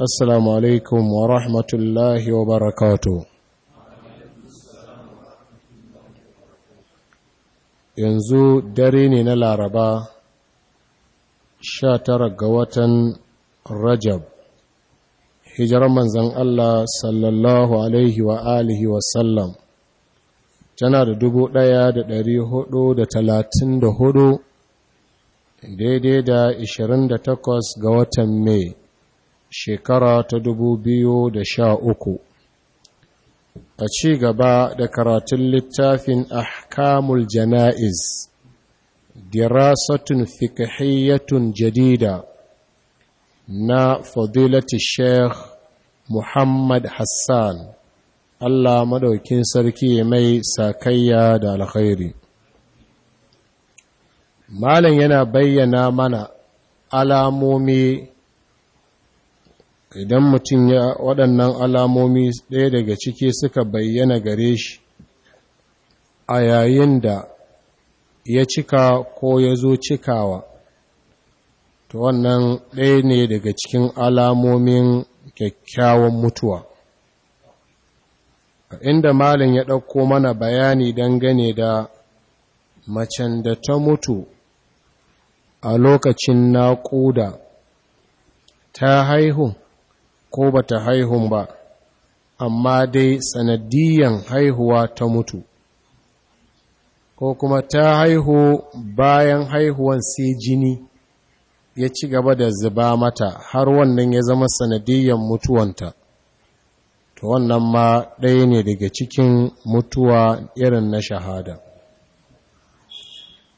assalamu alaikum wa rahmatullahi wa barakatu yanzu dare ne na laraba 19 ga watan rajab hijirar manzan Allah sallallahu alaihi wa alihi tana da dubu ɗaya da ɗari hudu da talatin da hudu daidai da 28 ga watan mai shekara ta dubu biyu da sha uku. a ci gaba da karatun littafin ahkamul jana'iz dirasatun fiqhiyyatun jadida na fadilati sheikh muhammad hassan allah madaukin sarki mai sakayya da alkhairi malam yana bayyana mana alamomi idan mutum ya waɗannan alamomi ɗaya daga ciki suka bayyana gare shi a yayin da ya cika ko ya zo cikawa to wannan ɗaya ne daga cikin alamomin kyakkyawan mutuwa inda malin ya ɗauko mana bayani dangane da macen da ta mutu a lokacin naƙuda ta haihu ko ba ta haihun ba amma dai sanadiyan haihuwa ta mutu ko kuma ta haihu bayan haihuwan sai jini ya ci gaba da zuba mata har wannan ya zama sanadiyan mutuwanta to wannan ma ɗaya ne daga cikin mutuwa irin na shahada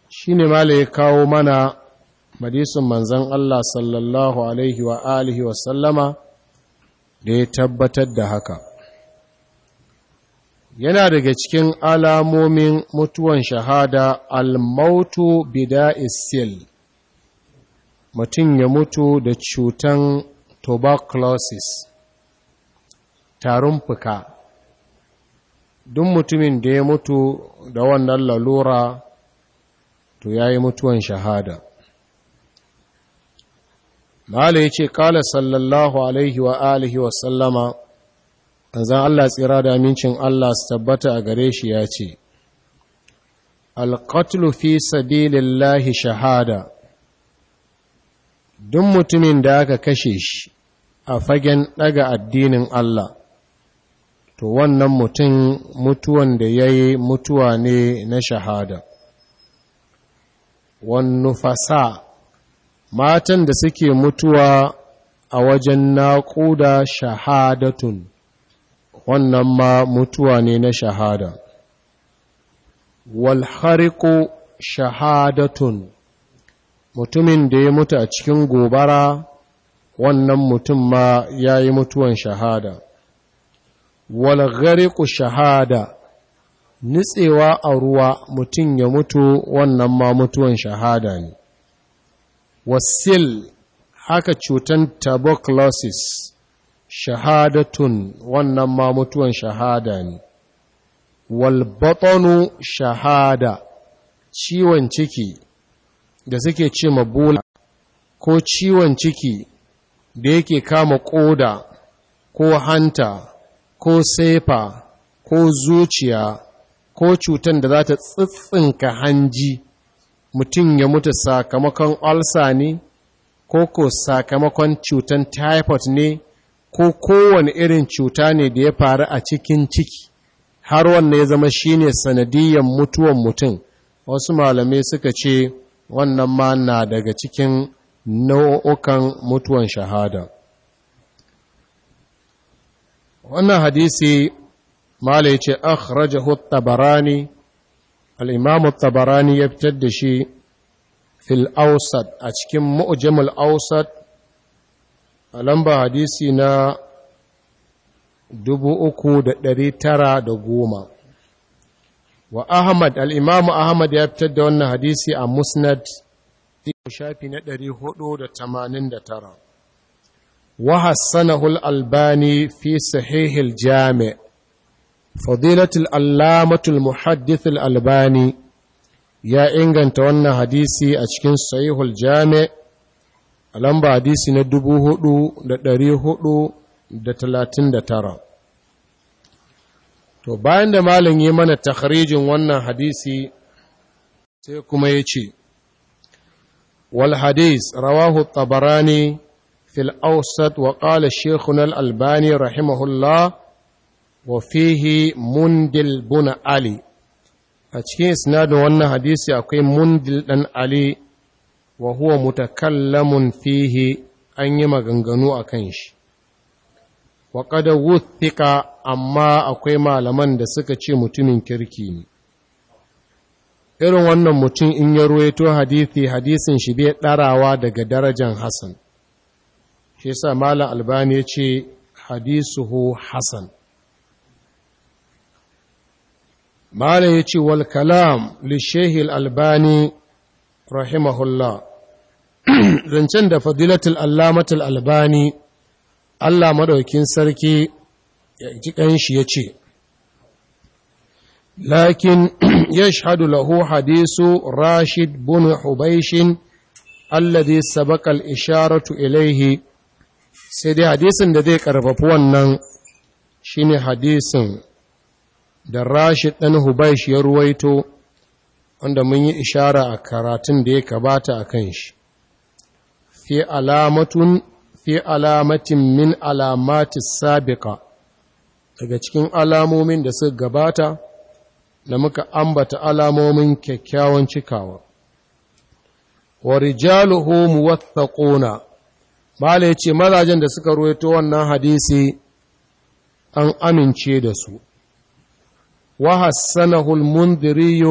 shi ne ya kawo mana madisun manzan Allah sallallahu alaihi wa alihi sallama da ya tabbatar da haka yana daga cikin alamomin mutuwan shahada almautu bida'isil mutum ya mutu da cutan tuberculosis tarin fuka duk mutumin da ya mutu da wannan lalura to ya yi mutuwan shahada Mala ya ce, Kala sallallahu Alaihi wa alihi wa sallama, zan Allah tsira da amincin Allah su tabbata a gare shi ya ce, Alƙatlu fi sabilillahi shahada, duk mutumin da aka kashe shi a fagen ɗaga addinin Allah, to wannan mutum mutuwan da ya yi mutuwa ne na shahada. Wannufasa matan da suke mutuwa a wajen naƙuda shahadatun wannan ma mutuwa ne na shahada walhariku shahadatun mutumin da ya mutu a cikin gobara wannan mutum ma ya yi mutuwan shahada walghariku shahada nitsewa a ruwa mutum ya mutu wannan ma mutuwan shahada ne wasil haka cutan tuberculosis shahadatun wannan ma mutuwan shahada ne walbatonu shahada ciwon ciki da suke ce mabula ko ciwon ciki da yake kama ƙoda ko hanta ko sefa ko zuciya ko cutan da za ta tsitsinka hanji mutum ya mutu sakamakon ulcer ne ko ko sakamakon cutan typhoid ne ko kowane irin cuta ne da ya faru a cikin ciki har wanda ya zama shi ne sanadiyyar mutuwan mutum wasu malamai suka ce wannan ma na daga cikin nau'ukan mutuwan shahada wannan hadisi malai ce akhrajahu tabarani al'imamu tabarani ya fitar da shi fil ausat a cikin mu'ujamul ausat a lamba hadisi na 3,910 da goma. al'imamu ahmad ya fitar da wannan hadisi a musnad shafi na hudu da da tamanin tara. wa hassanahu albani fi sahihil jami' fadilatul allamatul muhaddithul albani ya inganta wannan hadisi a cikin sahihul jami a lamba hadisi na tara. to bayan da malam yi mana takhrijin wannan hadisi sai kuma ya ce Walhadis rawahu tabarani Fil'ausat awsat wa qala shaykhuna al albani rahimahullah wa fihi mundil buna ali a cikin isnadin wannan hadisi akwai mundil dan ali wa huwa mutakallamun fihi an yi maganganu a kan shi wa kada wuthika amma akwai malaman da suka ce mutumin kirki ne irin wannan mutum in ya ruwaito hadisi hadisin shi bai ɗarawa daga darajan hasan shi yasa malam albani ya ce hadisuhu hasan mala ya ce wal kalam lishehil albani rahimahullah zancen da fadilatul allamatul albani allah madaukin sarki ya ji ƙanshi ya ce lakin yashhadu lahu hadisu rashid bin hubaishin alladhi sabaqa al-isharatu ilayhi sai dai hadisin da zai karfafi wannan shine hadisin da rashid ɗan hubaish ya ruwaito wanda mun yi ishara a karatun da ya kabata a kan shi fi alamatun fi alamatin min alamatis sabiqa daga cikin alamomin da suka gabata da muka ambata alamomin kyakkyawan cikawa wa rijaluhu muwaththaquna mala ce mazajen da suka ruwaito wannan hadisi an amince da su وحسنه المنذري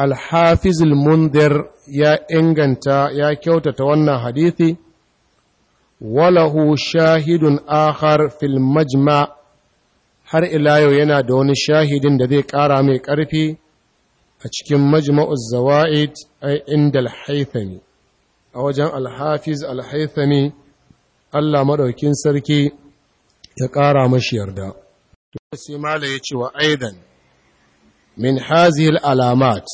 الحافظ المنذر يا إنغنتا يا كيوتا تونا حديثي وله شاهد آخر في المجمع har ila yau yana da wani shahidin da zai ƙara mai ƙarfi a cikin majma'uz zawa'id a inda alhaithami a wajen alhafiz alhaithami Allah maɗaukin sarki ya ƙara mashi yarda. sai mala ya ce wa aidan min hazihil alamat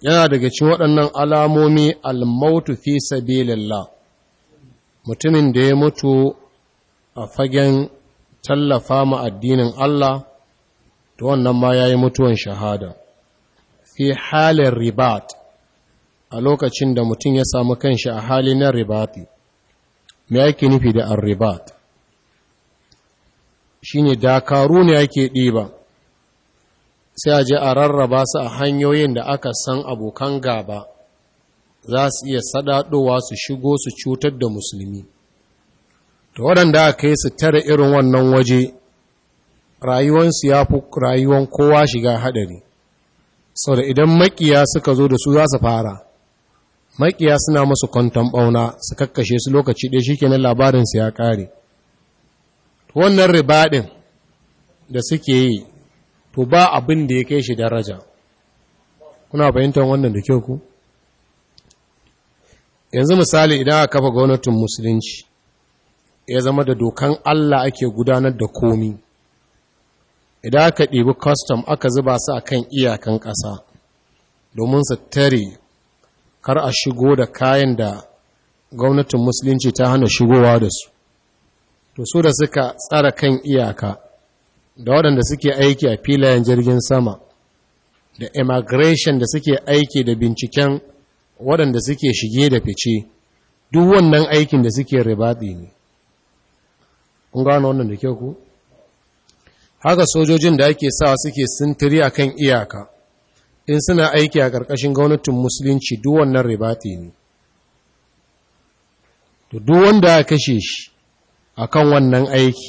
yana daga cikin waɗannan alamomi almautu fi sabilillah mutumin da ya mutu a fagen tallafa ma addinin Allah to wannan ma yayi mutuwan shahada fi halin ribat a lokacin da mutum ya samu kanshi a hali na ribati me yake nufi da ribat? shine dakaru ne ake ɗiba sai a je a rarraba su a hanyoyin da aka san abokan gaba za su iya sadaɗowa su shigo su cutar da musulmi Ta waɗanda aka kai su tare irin wannan waje rayuwansu ya fi rayuwan kowa shiga haɗari sau da idan makiya suka zo da su za su fara makiya suna masu kwanton ɓauna su kakkashe su lokaci ɗaya shi kenan labarinsu ya ƙare wannan ribaɗin da suke yi to ba abin da ya kai shi daraja kuna fahimtar wannan da kyau ku yanzu misali idan aka kafa gwamnatin musulunci ya zama da dokan Allah ake gudanar da komi idan aka ɗibi custom aka zuba su a kan iyakan ƙasa domin su tare kar a shigo da kayan da gwamnatin musulunci ta hana shigowa da su to su da suka tsara kan iyaka da waɗanda suke aiki a filayen jirgin sama da immigration da suke aiki da binciken waɗanda suke shige da fice duk wannan aikin da suke ribaɗi ne kun gano wannan da kyau ku haka sojojin da ake sawa suke sintiri a kan iyaka in suna aiki a ƙarƙashin gwamnatin musulunci duk wannan ribaɗi ne duk wanda ya kashe shi A kan wannan aiki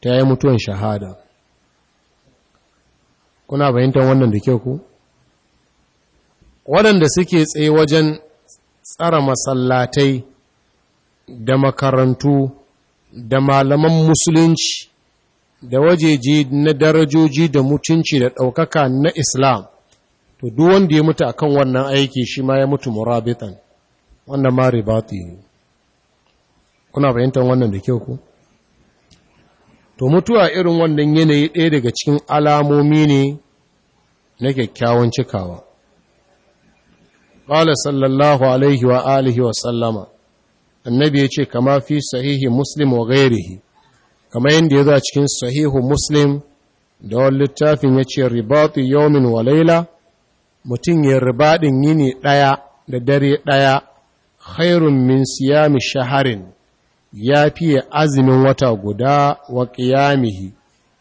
ta yi mutuwan shahada kuna bayyantar wannan da kyau ku waɗanda suke tsaye wajen tsara masallatai da makarantu da malaman musulunci da wajeji na darajoji da mutunci da ɗaukaka na islam to duk wanda ya mutu akan wannan aiki shi ma ya mutu murabitan wannan ma ribati ne kuna fahimtar wannan da kyau ku to mutuwa irin wannan yanayi ɗaya daga cikin alamomi ne na kyakkyawan cikawa qala sallallahu alaihi wa alihi wa sallama annabi ya ce kama fi sahihi muslim wa gairihi kama yadda ya za cikin sahihu muslim da wani littafin ya ce ribatu yawmin wa laila mutum ya ribaɗin yini ɗaya da dare ɗaya khairun min siyami shaharin ya fiye azumin wata guda wa ƙiyamihi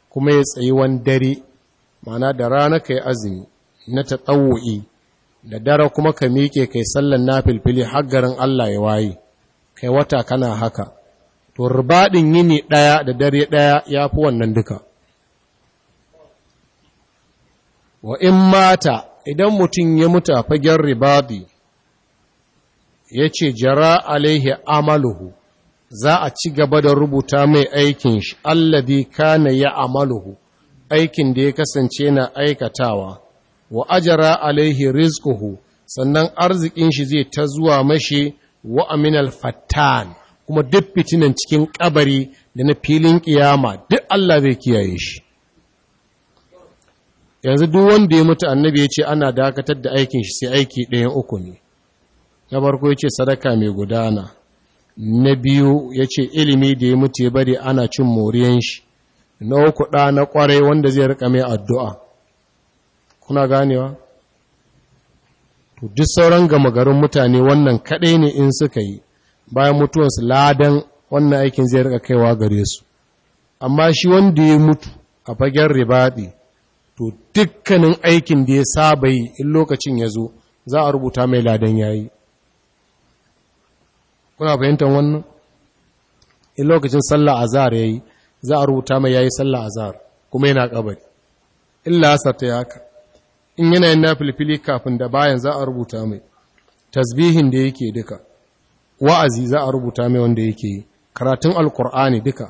kuma ya tsayi wani dare mana da rana ka yi azumi na ta ɗauwa’i da dare kuma ka miƙe kai sallan na filfili haggarin Allah ya waye kai wata kana haka to rubaɗin yini ɗaya da dare ɗaya ya fi wannan duka wa in mata idan mutum ya mutu a fagen ya ce jara alaihi amaluhu za a ci gaba da rubuta mai aikin shi alladi kana ya amaluhu aikin da ya kasance na aikatawa wa ajara alaihi rizquhu sannan arzikin shi zai ta zuwa mashi wa aminal fattan kuma duk fitinan cikin kabari da na filin kiyama duk Allah zai kiyaye shi yanzu duk wanda ya mutu annabi ya ce ana dakatar da aikin shi sai aiki ɗayan uku ne na farko ya ce sadaka mai gudana na biyu ya ce ilimi da ya mutu ya bari ana cin moriyan shi na uku ɗa na ƙwarai wanda zai rika mai addu'a kuna ganewa? duk sauran gama garin mutane wannan kaɗai ne in suka yi bayan su ladan wannan aikin zai rika kaiwa gare su amma shi wanda ya mutu a fagen ribaɗi to dukkanin aikin da ya saba yi in lokacin ya zo za a rubuta mai ladan yayi kuna fahimtar wannan in lokacin sallah azhar yayi za a rubuta mai yayi sallah azhar kuma yana kabari illa ta yaka in yana yin nafilfili kafin da bayan za a rubuta mai tasbihin da yake duka wa'azi za a rubuta mai wanda yake yi karatun alkur'ani duka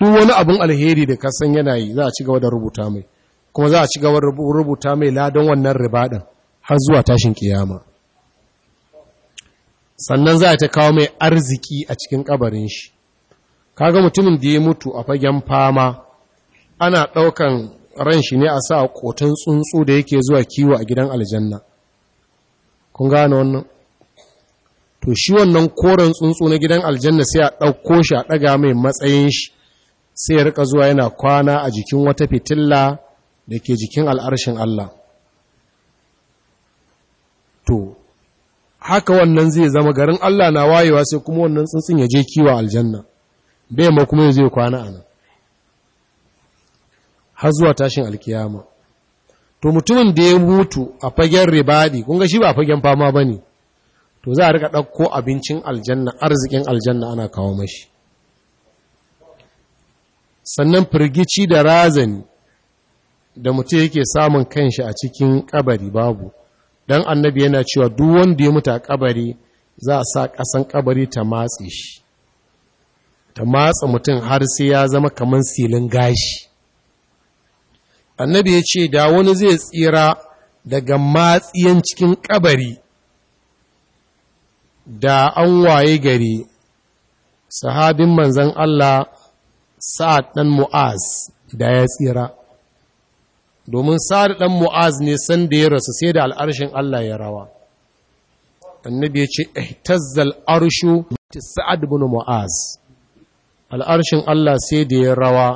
duk wani abin alheri da ka san yana yi za a ci gaba da rubuta mai kuma za a ci gaba da rubuta mai ladan wannan ribaɗin har zuwa tashin kiyama sannan za ta kawo mai arziki a cikin kabarin shi kaga mutumin da ya mutu a fagen fama ana ɗaukan ran shi ne a sa kotun tsuntsu da yake zuwa kiwo a gidan aljanna kun gane wannan to shi wannan koren tsuntsu na gidan aljanna sai a ɗauko shi a ɗaga mai matsayin shi sai ya rika zuwa yana kwana a jikin wata fitilla da ke jikin al'arshin Allah to haka wannan zai zama garin Allah na wayewa sai kuma wannan tsuntsun ya je kiwa aljanna bai ma kuma zai kwana anan har zuwa tashin alkiyama to mutumin da ya mutu a fagen ribadi kun ga shi ba fagen fama bane to za a rika ɗauko abincin aljanna arzikin aljanna ana kawo mashi sannan firgici da razani da mutum yake samun kanshi a cikin kabari babu dan annabi yana cewa duk wanda ya mutu a kabari za a sa ƙasan kabari ta matse shi ta matsa mutum har sai ya zama kamar silin gashi annabi ya ce da wani zai tsira daga matsiyan cikin kabari da an waye gari sahabin manzan Allah sa'ad ɗan mu'az da ya tsira domin sa'ad ɗan mu'az ne san da ya rasu sai da al'arshin Allah ya rawa annabi ya ce tazzal arshu sa'ad bin mu'az al'arshin Allah sai da ya rawa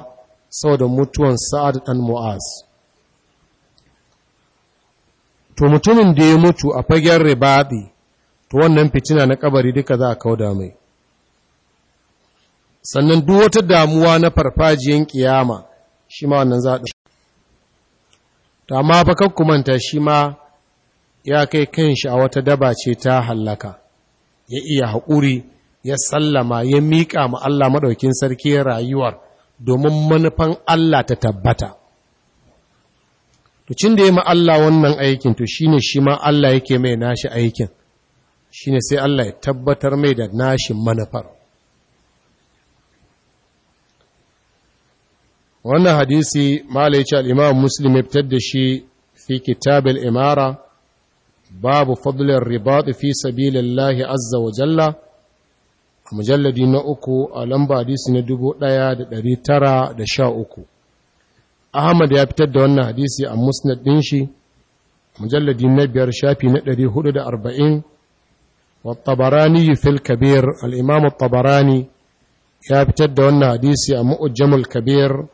saboda mutuwan sa'ad ɗan mu'az to mutumin da ya mutu a fagen Ribadi, to wannan fitina na kabari duka za a kauda mai sannan duk wata damuwa na farfajiyan kiyama shi ma wannan za to amma ba manta shi ma ya kai kanshi a wata daba ce ta hallaka ya iya haƙuri ya sallama ya miƙa ma Allah maɗaukin sarki ya rayuwar domin manufan Allah ta tabbata to cin da ya ma Allah wannan aikin to ne shi ma Allah yake mai nashi aikin shi ne sai Allah ya tabbatar mai da nashi manufar wannan hadisi mala al'imam muslim ya fitar da shi fi kitabil imara babu fadlar ribat fi sabilillahi azza wa jalla a mujalladi na uku a lamba hadisi na 1913 ahmad ya fitar da wannan hadisi a musnad din shi mujalladi na biyar shafi na 440 والطبراني في ya fitar da wannan hadisi a ma'ujamul kabir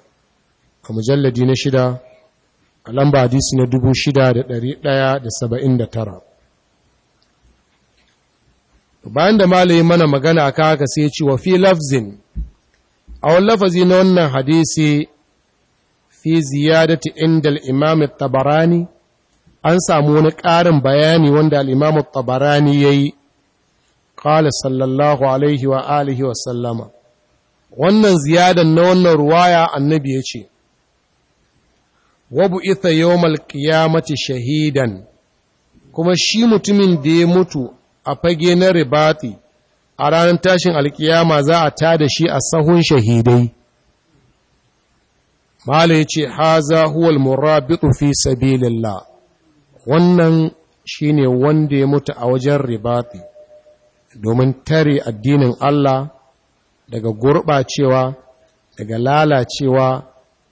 a mujalladi na shida a lamba hadisi na 6179 bayan da malayi mana magana a kaka sai ya ce wa fi lafzin a wani lafazi na wannan hadisi fi ziyadati inda al'imam tabarani an samu wani ƙarin bayani wanda al'imam tabarani ya yi ƙala sallallahu alaihi wa alihi wa sallama wannan ziyadan na wannan ruwaya annabi ya ce wa bu'itha yawmal qiyamati shahidan kuma shi mutumin da ya mutu a fage na ribati a ranar tashin alkiyama za a tada shi a sahun shahidai mala ya ce haza huwal murabitu fi sabilillah wannan shine wanda ya mutu a wajen ribati domin tare addinin Allah daga gurɓacewa daga lalacewa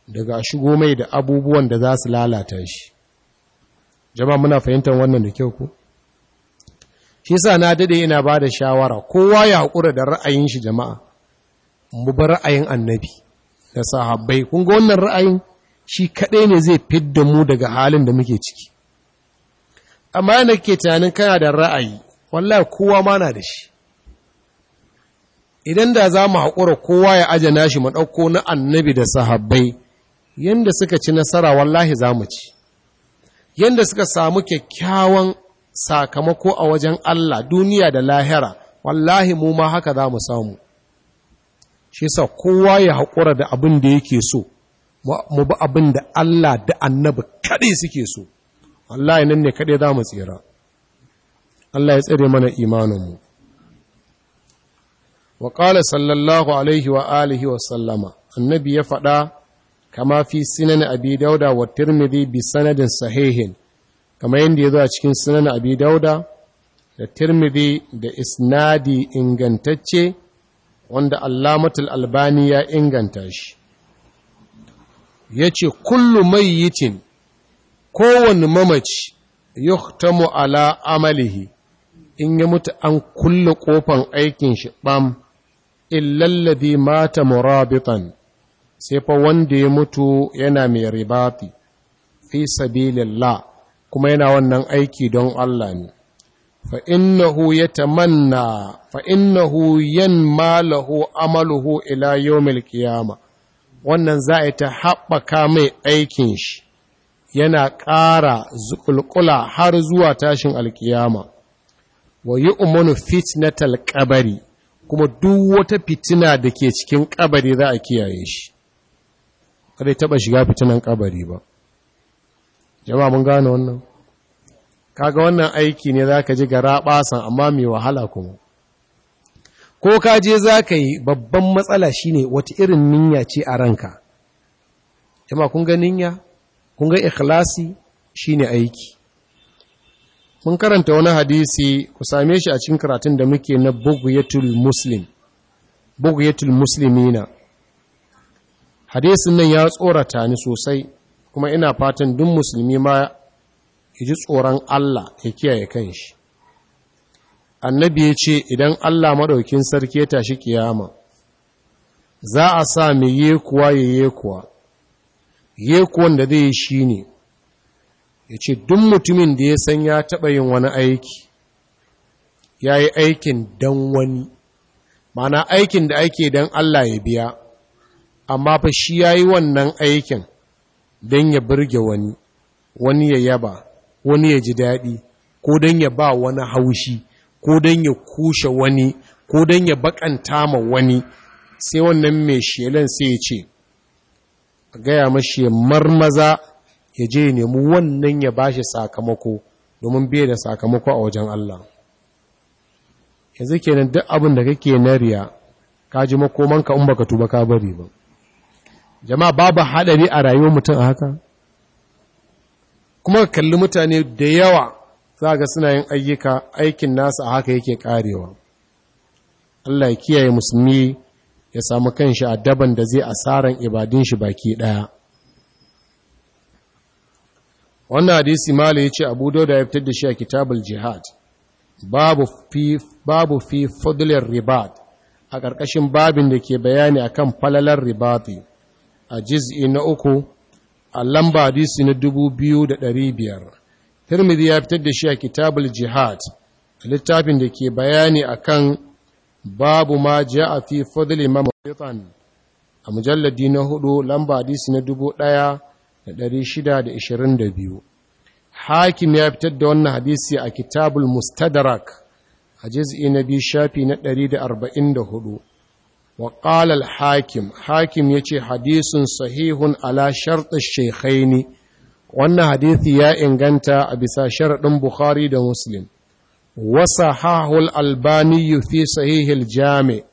daga shigo mai da abubuwan da za su lalata shi jama'a muna fahimtar wannan da kyau ko shi sa na dade yana ba da shawara kowa ya haƙura da ra'ayin shi jama'a mu bar ra'ayin annabi da sahabbai kun ga wannan ra'ayin shi kaɗai ne zai fidda mu daga halin da muke ciki amma yana ke tunanin kana da ra'ayi wallahi kowa ma na da shi idan da za mu haƙura kowa ya aje nashi mu ɗauko na annabi da sahabbai yanda suka ci nasara wallahi za mu ci yanda suka samu kyakkyawan sakamako a wajen Allah duniya da lahira wallahi mu ma haka za mu samu shi sa kowa ya haƙura da abin da yake so mu bi abin da Allah da annabi kaɗai suke so wallahi nan ne kaɗai za mu tsira Allah ya tsere mana imaninmu wa ƙala sallallahu alaihi wa alihi wa sallama annabi ya faɗa kama fi sinan abi dauda wa tirmidhi bi sanadin sahihin kama yadda ya zo a cikin sunan abi dauda da tirmidhi da isnadi ingantacce wanda allamatul albani ya inganta shi ya ce kullu mayyitin kowanne mamaci yuhtamu ala amalihi in ya mutu an kulle ƙofan aikin shi ɓam, illalladhi mata murabitan sai fa wanda ya mutu yana mai ribati fi sabilillah kuma yana wannan aiki don Allah ne fa innahu yatamanna fa innahu yanmalahu amaluhu ila yawmil qiyama wannan za a ta haɓaka mai aikin shi yana ƙara zuƙulƙula har zuwa tashin alkiyama wa yi umarnu fitnatal ƙabari kuma duk wata fitina da ke cikin ƙabari za a kiyaye shi kada ya taɓa shiga fitinan kabari ba jama'a mun gane wannan kaga wannan aiki ne za ka ji gara basan amma mai wahala kuma ko ka je za ka yi babban matsala shine wata irin niyya ce a ranka jama'a kun ga niyya kun ga ikhlasi shine aiki mun karanta wani hadisi ku same shi a cikin karatun da muke na bugiyatul muslim bugiyatul muslimina hadisin nan ya tsorata ni sosai kuma ina fatan duk musulmi ma ya ji tsoron Allah ya kiyaye kanshi annabi ya ce idan Allah maɗaukin sarki ya tashi kiyama za a sa mai yekuwa ya yekuwa yekuwan da zai yi shi ne ya ce duk mutumin da ya san ya taɓa yin wani aiki ya yi aikin don wani mana aikin da ake don Allah ya biya amma fa shi ya yi wannan aikin don ya birge wani wani ya yaba wani ya ji daɗi ko don ya ba wani haushi ko don ya kushe wani ko don ya bakanta ma wani sai wannan mai shelan sai ya ce a gaya mashi ya marmaza ya je nemi wannan ya bashi sakamako domin biya da sakamako a wajen Allah yanzu kenan duk abin da kake nariya ka ji makomanka in baka tuba ka bari ba jama'a babu haɗari a rayuwar mutum a haka kuma kalli mutane da yawa za ga suna yin ayyuka aikin nasa a haka yake karewa Allah ya kiyaye musulmi ya samu kanshi a daban da zai asaran ibadin shi baki ɗaya wannan hadisi mala ya ce abu da ya fitar da shi a kitabul jihad babu fi babu fi ribat a ƙarƙashin babin da ke bayani akan falalar ribati a jiz'i na uku a lamba hadisi na dubu biyu da ɗari biyar tirmidhi ya fitar da shi a kitabul jihad a littafin da ke bayani a kan babu ma a fi fadli mamritan a mujalladi na hudu lamba hadisi na dubu ɗaya da ɗari shida da ishirin da biyu hakim ya fitar da wannan hadisi a kitabul mustadrak a jiz'i na biyu shafi na ɗari da arba'in da hudu wa hakim hakim ya ce hadisin sahihun ala sharɗin shekhaini wannan hadisi ya inganta a bisa sharaɗin bukhari da muslim wasa hahul albani fi sahihil jami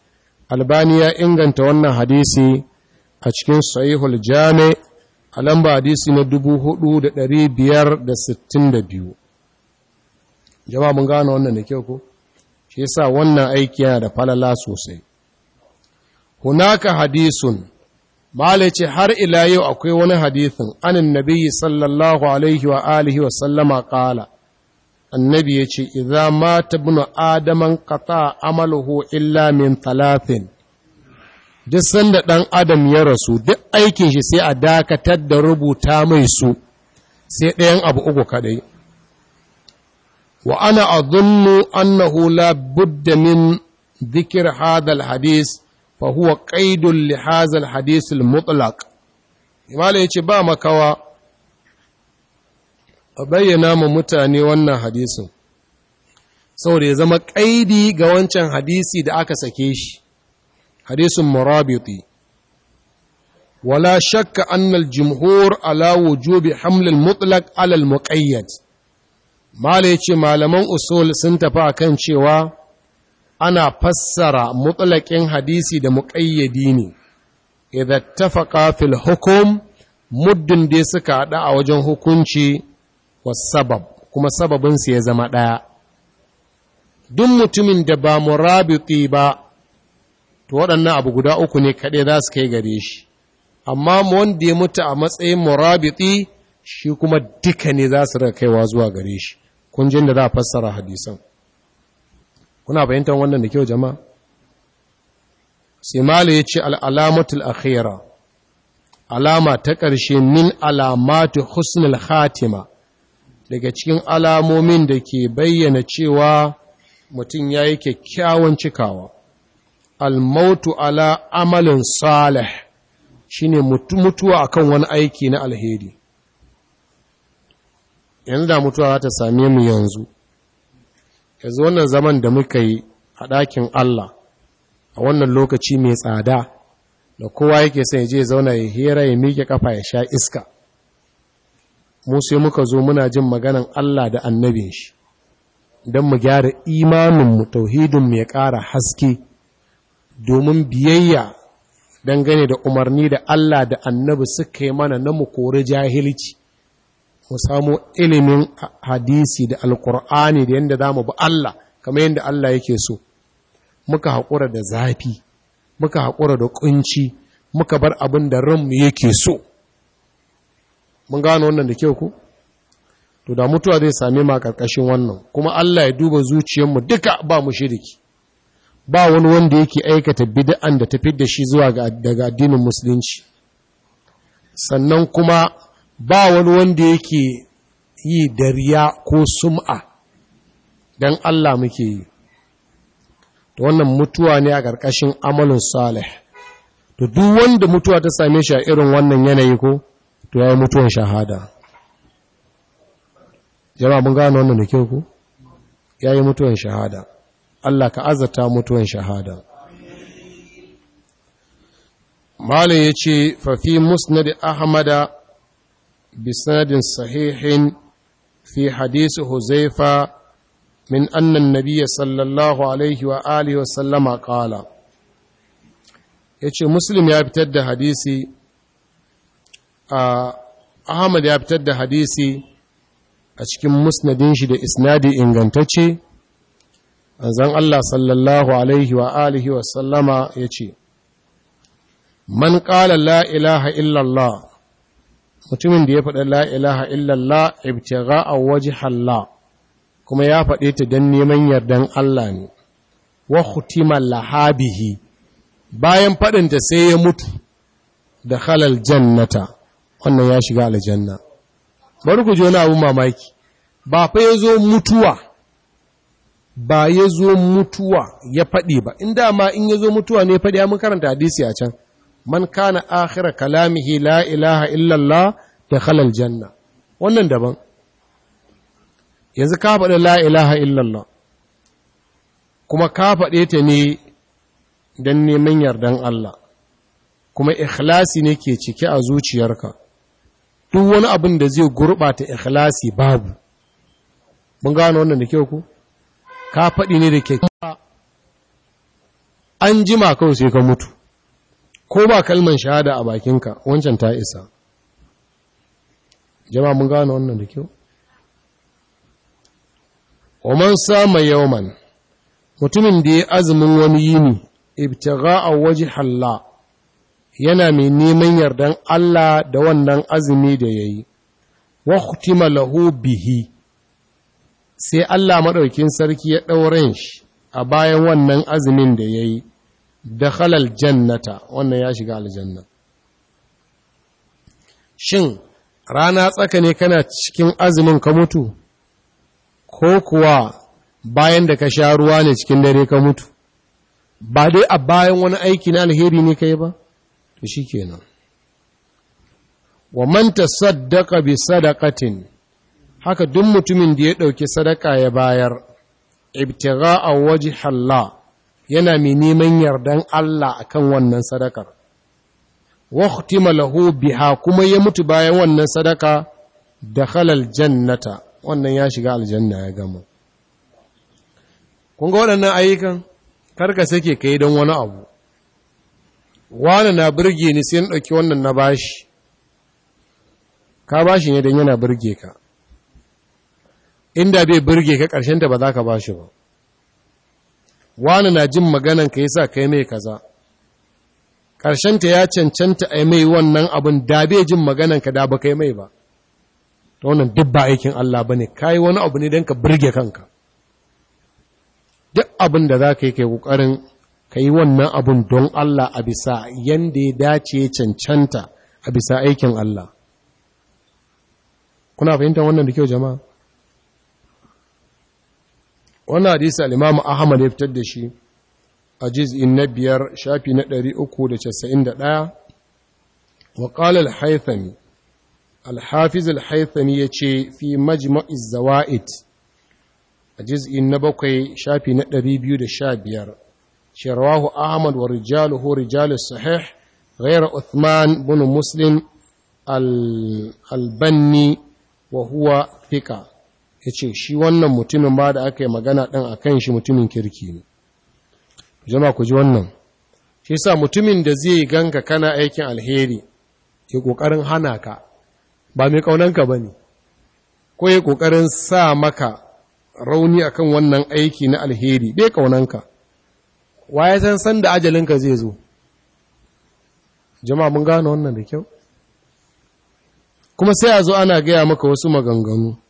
albani ya inganta wannan hadisi a cikin sahihul jami a lamba hadisi na 4562 jama'a mun gano wannan da kyau ko shi yasa wannan aiki yana da falala sosai hunaka hadisun Mala ce har ila yau akwai wani hadithin anin nabiyyi sallallahu alaihi wa alihi wa sallama ƙala. Annabi ya ce, "Iza mata bunu adaman ƙata amaluhu illa min talatin." Duk sanda ɗan Adam ya rasu, duk aikin shi sai a dakatar da rubuta mai su, sai ɗayan abu uku kaɗai. Wa ana a zunnu annahu la budda min zikir hadal hadis fa huwa qaidul li mutlak. hadith al mutlaq yace ba makawa a bayyana mu mutane wannan hadisin saboda ya zama kaidi ga wancan hadisi da aka sake shi hadisin murabiti ولا شك أن الجمهور على وجوب حمل المطلق على المقيد ما ليش ما لمن أصول سنتفا كان شوا ana fassara mutsalakin hadisi da muƙayyadi ne, idha tafaka fil hukum muddin da suka haɗa a wajen hukunci wa sabab, kuma sababinsu ya zama ɗaya. Duk mutumin da ba murabiti ba, to waɗannan abu guda uku ne kaɗai za su kai gare shi, amma wanda ya mutu a matsayin murabiti shi kuma duka ne za su kaiwa zuwa gare shi, kun jin da za a fassara hadisan. kuna fahimtar wannan da kyau jama'a simali ya ce al'alamatul akhira alama ta ƙarshe min alamatu husnul khatima daga cikin alamomin da ke bayyana cewa mutum ya yi kyakkyawan cikawa almautu ala amalin salih shine mutuwa akan wani aiki na alheri yanzu da mutuwa za ta same mu yanzu yanzu wannan zaman da muka yi a ɗakin Allah a wannan lokaci mai tsada da kowa yake son ya je zauna ya hira ya miƙe ƙafa, ya sha iska mu sai muka zo muna jin maganan Allah da annabin shi don mu gyara imanin imaninmu tauhidinmu ya ƙara haske domin biyayya dangane da umarni da Allah da annabi suka yi mana na mu kori jahilci mu samu ilimin hadisi da alkur'ani da yadda za mu bi Allah kamar yadda Allah yake so muka haƙura da zafi muka haƙura da ƙunci muka bar abin da ranmu yake so mun gano wannan da kyau ku to da mutuwa zai sami ma ƙarƙashin wannan kuma Allah ya duba zuciyarmu duka ba mu shiriki ba wani wanda yake aikata bid'an da tafi da shi zuwa daga addinin musulunci sannan kuma ba wani wanda yake yi dariya ko sum'a don Allah muke yi ta wannan mutuwa ne a ƙarƙashin amalin salih ta duk wanda mutuwa ta same shi a irin wannan yanayi ko to ya yi mutuwan shahada jama'a mun gano wannan da kyau ku ya mutuwan shahada Allah ka azata mutuwan shahada Malam ya ce, Fafi musnadi Ahmada بسند صحيح في حديث حذيفة من أن النبي صلى الله عليه وآله وسلم قال yace muslim ya fitar da hadisi ahmad ya fitar da hadisi a cikin musnadin shi da isnadi ingantacce zan Allah sallallahu alaihi wa alihi wa sallama yace man ƙala la ilaha illallah mutumin da ya faɗa la ilaha illallah ibtigha a waje halla kuma ya faɗe ta don neman yardan Allah ne wa khutima lahabihi bayan faɗinta sai ya mutu da halal jannata wannan ya shiga aljanna bari ku ji abu mamaki ba fa ya zo mutuwa ba ya mutuwa ya faɗi ba in ma in ya zo mutuwa ne faɗi ya mun karanta hadisi a can man kana akhira kalamihi la ilaha illallah da khalal janna wannan daban yanzu ka faɗi la ilaha illallah kuma ka faɗe ta ne don neman yardan Allah kuma ikhlasi ne ke cike a zuciyarka duk wani abin da zai gurɓata ikhlasi babu mun gano wannan da kyau ku ka faɗi ne da kyakkyawa an jima kawai sai ka mutu ko ba kalman shahada a bakinka wancan ta isa jama'a mun gano wannan da kyau waman sama yawman mutumin da ya azumin wani yini a waje halla yana mai neman yardan Allah da wannan azumi da yayi wa khutima lahu bihi sai Allah maɗaukin sarki ya ɗauren shi a bayan wannan azumin da yayi dakhala jannata, wannan ya shiga aljanna shin rana tsaka ne kana cikin azumin ka mutu ko kuwa bayan da ka sha ruwa ne cikin dare ka mutu ba dai a bayan wani aiki na alheri ne kai ba to shikenan wa man tasaddaqa bi sadaqatin haka duk mutumin da ya dauki sadaka ya bayar ibtigha'a wajhi Allah yana mai neman yardan Allah akan wannan sadakar waqtima lahu biha kuma ya mutu bayan wannan sadaka da halal jannata wannan ya shiga aljanna ya gama kun waɗannan ayyukan karka sake ka yi don wani abu wani na birge ni sai na ɗauki wannan na bashi ka bashi ne don yana birge ka inda bai birge ka ƙarshenta ba za ka bashi ba wani na jin maganan ka yasa kai mai kaza ta ya cancanta a mai wannan abin da bai jin maganan ka da ba kai mai ba ta wannan duk aikin Allah ba ne kayi wani abu ne don ka burge kanka duk abin da za ka yi kai ƙoƙarin ka yi wannan abin don Allah a bisa yadda ya dace cancanta a bisa aikin Allah kuna fahimtar wannan da kyau jama'a wannan hadisa Alimamu imam Ahmad ya fitar da shi a juz'in na biyar shafi na 391 wa qala al-Haythami al-Hafiz al yace fi majma'i zawaid a juz'in na bakwai shafi na 215 sharawahu Ahmad wa rijaluhu rijalus sahih غير عثمان بن muslim البني وهو ثقة ya ce shi wannan mutumin ba da aka yi magana ɗin a kan shi mutumin kirki ne jama ku ji wannan shi sa mutumin da zai ganka kana aikin alheri ke ƙoƙarin hana ka ba mai ƙaunanka ba ne ko ya ƙoƙarin sa maka rauni akan wannan aiki na alheri bai ƙaunanka wa ya san san da ajalinka zai zo jama mun gano wannan da kyau kuma sai a zo ana gaya maka wasu maganganu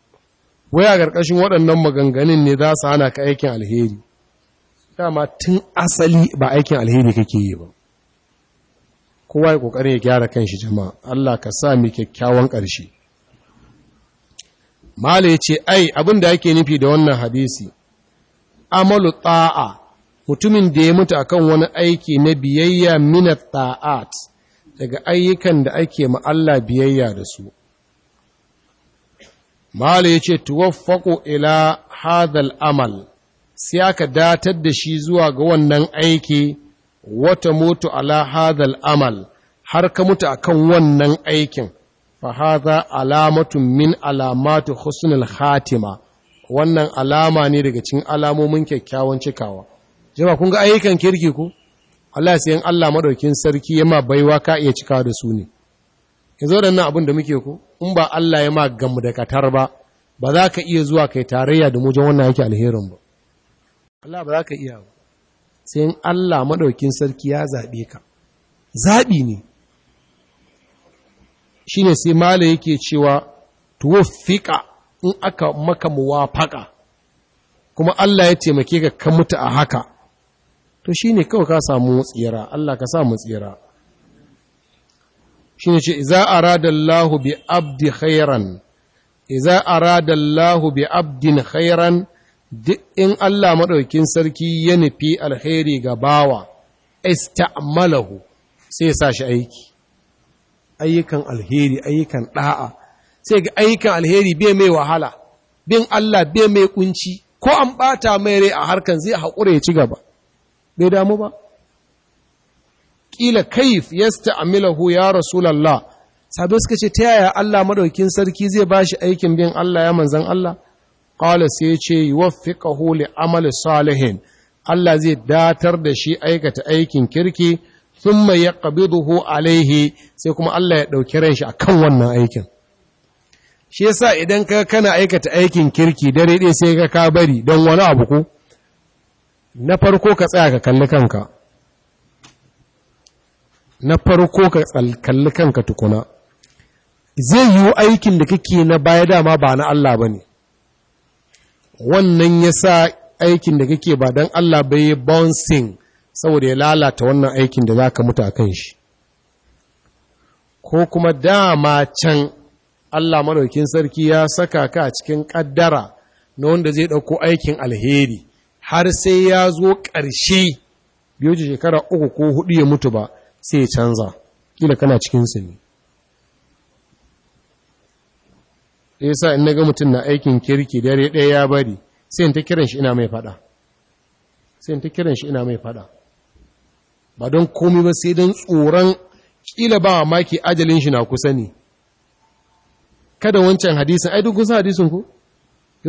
wai a ƙarƙashin waɗannan maganganun ne za su hana ka aikin alheri dama tun asali ba aikin alheri kake yi ba kowa ya ƙoƙarin ya gyara shi jama'a Allah ka sa mai kyakkyawan ƙarshe mala ya ce ai abin da yake nufi da wannan hadisi amalu ta'a mutumin da ya mutu akan wani aiki na biyayya minat ta'at daga ayyukan da ake ma Allah biyayya da su Mahala ya ce, tuwaffaƙo ila hadal amal, sai aka datar da shi zuwa ga wannan aiki, wata mutu ala hadal amal, har ka mutu a kan wannan aikin, fa haza alamatun min alamatu husnul khatima, wannan alama ne daga cikin alamomin kyakkyawan cikawa. Jama, kun ga ayyukan kirki ku? Allah sai Allah maɗaukin sarki yama baiwa ka iya cika da su ne. yanzu nan abin da muke ko in ba Allah ya ma gamu da katar ba ba za ka iya zuwa kai tarayya da mujan wannan yake alherin ba Allah ba za ka iya ba sai in Allah maɗaukin sarki ya zaɓe ka zaɓi ne shi ne sai mala yake cewa tuwaffiƙa in aka maka muwafaƙa kuma Allah ya taimake ka ka mutu a haka to shi ne kawai ka samu tsira Allah ka samu tsira shi ne ce iza aradallahu bi abdi khairan iza bi abdin khairan duk in Allah maɗaukin sarki ya nufi alheri ga bawa ista'malahu sai sa shi aiki ayyukan alheri ayyukan ɗa'a sai ga ayyukan alheri bai mai wahala bin Allah bai mai ƙunci, ko an ɓata mai rai a harkan zai haƙura ya ci gaba bai damu ba ƙila kaif yasta amilahu ya rasulallah sabai suka ce ta yaya Allah madaukin sarki zai ba shi aikin bin Allah ya manzan Allah ƙala sai ya ce yuwaffiqahu li amali salihin Allah zai datar da shi aikata aikin kirki thumma yaqbiduhu alaihi sai kuma Allah ya ɗauki ran shi kan wannan aikin shi yasa idan ka kana aikata aikin kirki dare ɗaya sai ka ka bari don wani abu ko na farko ka tsaya ka kalli kanka na farko ka kalli kanka tukuna zai yi aikin da kake na baya dama ba na Allah ba ne wannan ya sa aikin da kake ba don Allah ba yi bouncing saboda ya lalata wannan aikin da za ka mutu a kan shi ko kuma dama can Allah maɗaukin sarki ya saka ka a cikin ƙaddara na wanda zai ɗauko aikin alheri har sai ya zo ƙarshe biyu shekara uku ko hudu ya mutu ba sai ya canza kila kana cikinsu ne sa in ga mutum na aikin kirki dare ɗaya ya bari sai in ta kiran shi ina mai fada sai in ta kiran shi ina mai fada ba don komi ba sai don tsoron kila ba maki ajalin shi na kusa ne kada wancan hadisun ai duk kusa hadisun ku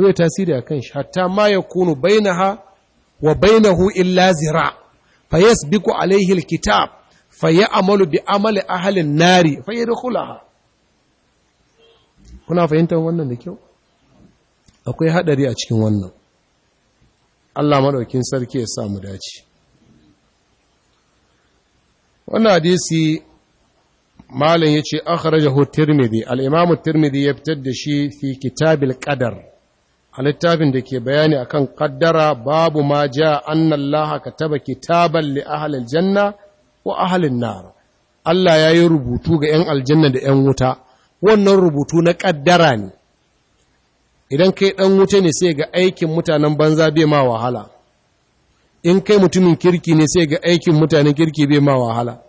zai tasiri a kan shi hatta ma ya kunu ha wa bai na hu illa zira fa biku alaihi alkitab fa ya amalu bi amali ahalin nari fa ya kuna fahimtar wannan da kyau akwai hadari a cikin wannan Allah maɗaukin sarki ya sa mu dace wannan hadisi malam yace akhrajahu tirmidhi al Imamu turmidi ya fitar da shi fi kitabil ƙadar a littafin da ke bayani akan kaddara babu ma ja annallaha taba kitaban li ahlil janna wa ahalin nar Allah ya yi rubutu ga 'yan aljanna da 'yan wuta wannan rubutu na ƙaddara ne idan kai ɗan wuta ne sai ga aikin mutanen banza bai ma wahala in kai mutumin kirki ne sai ga aikin mutanen kirki bai ma wahala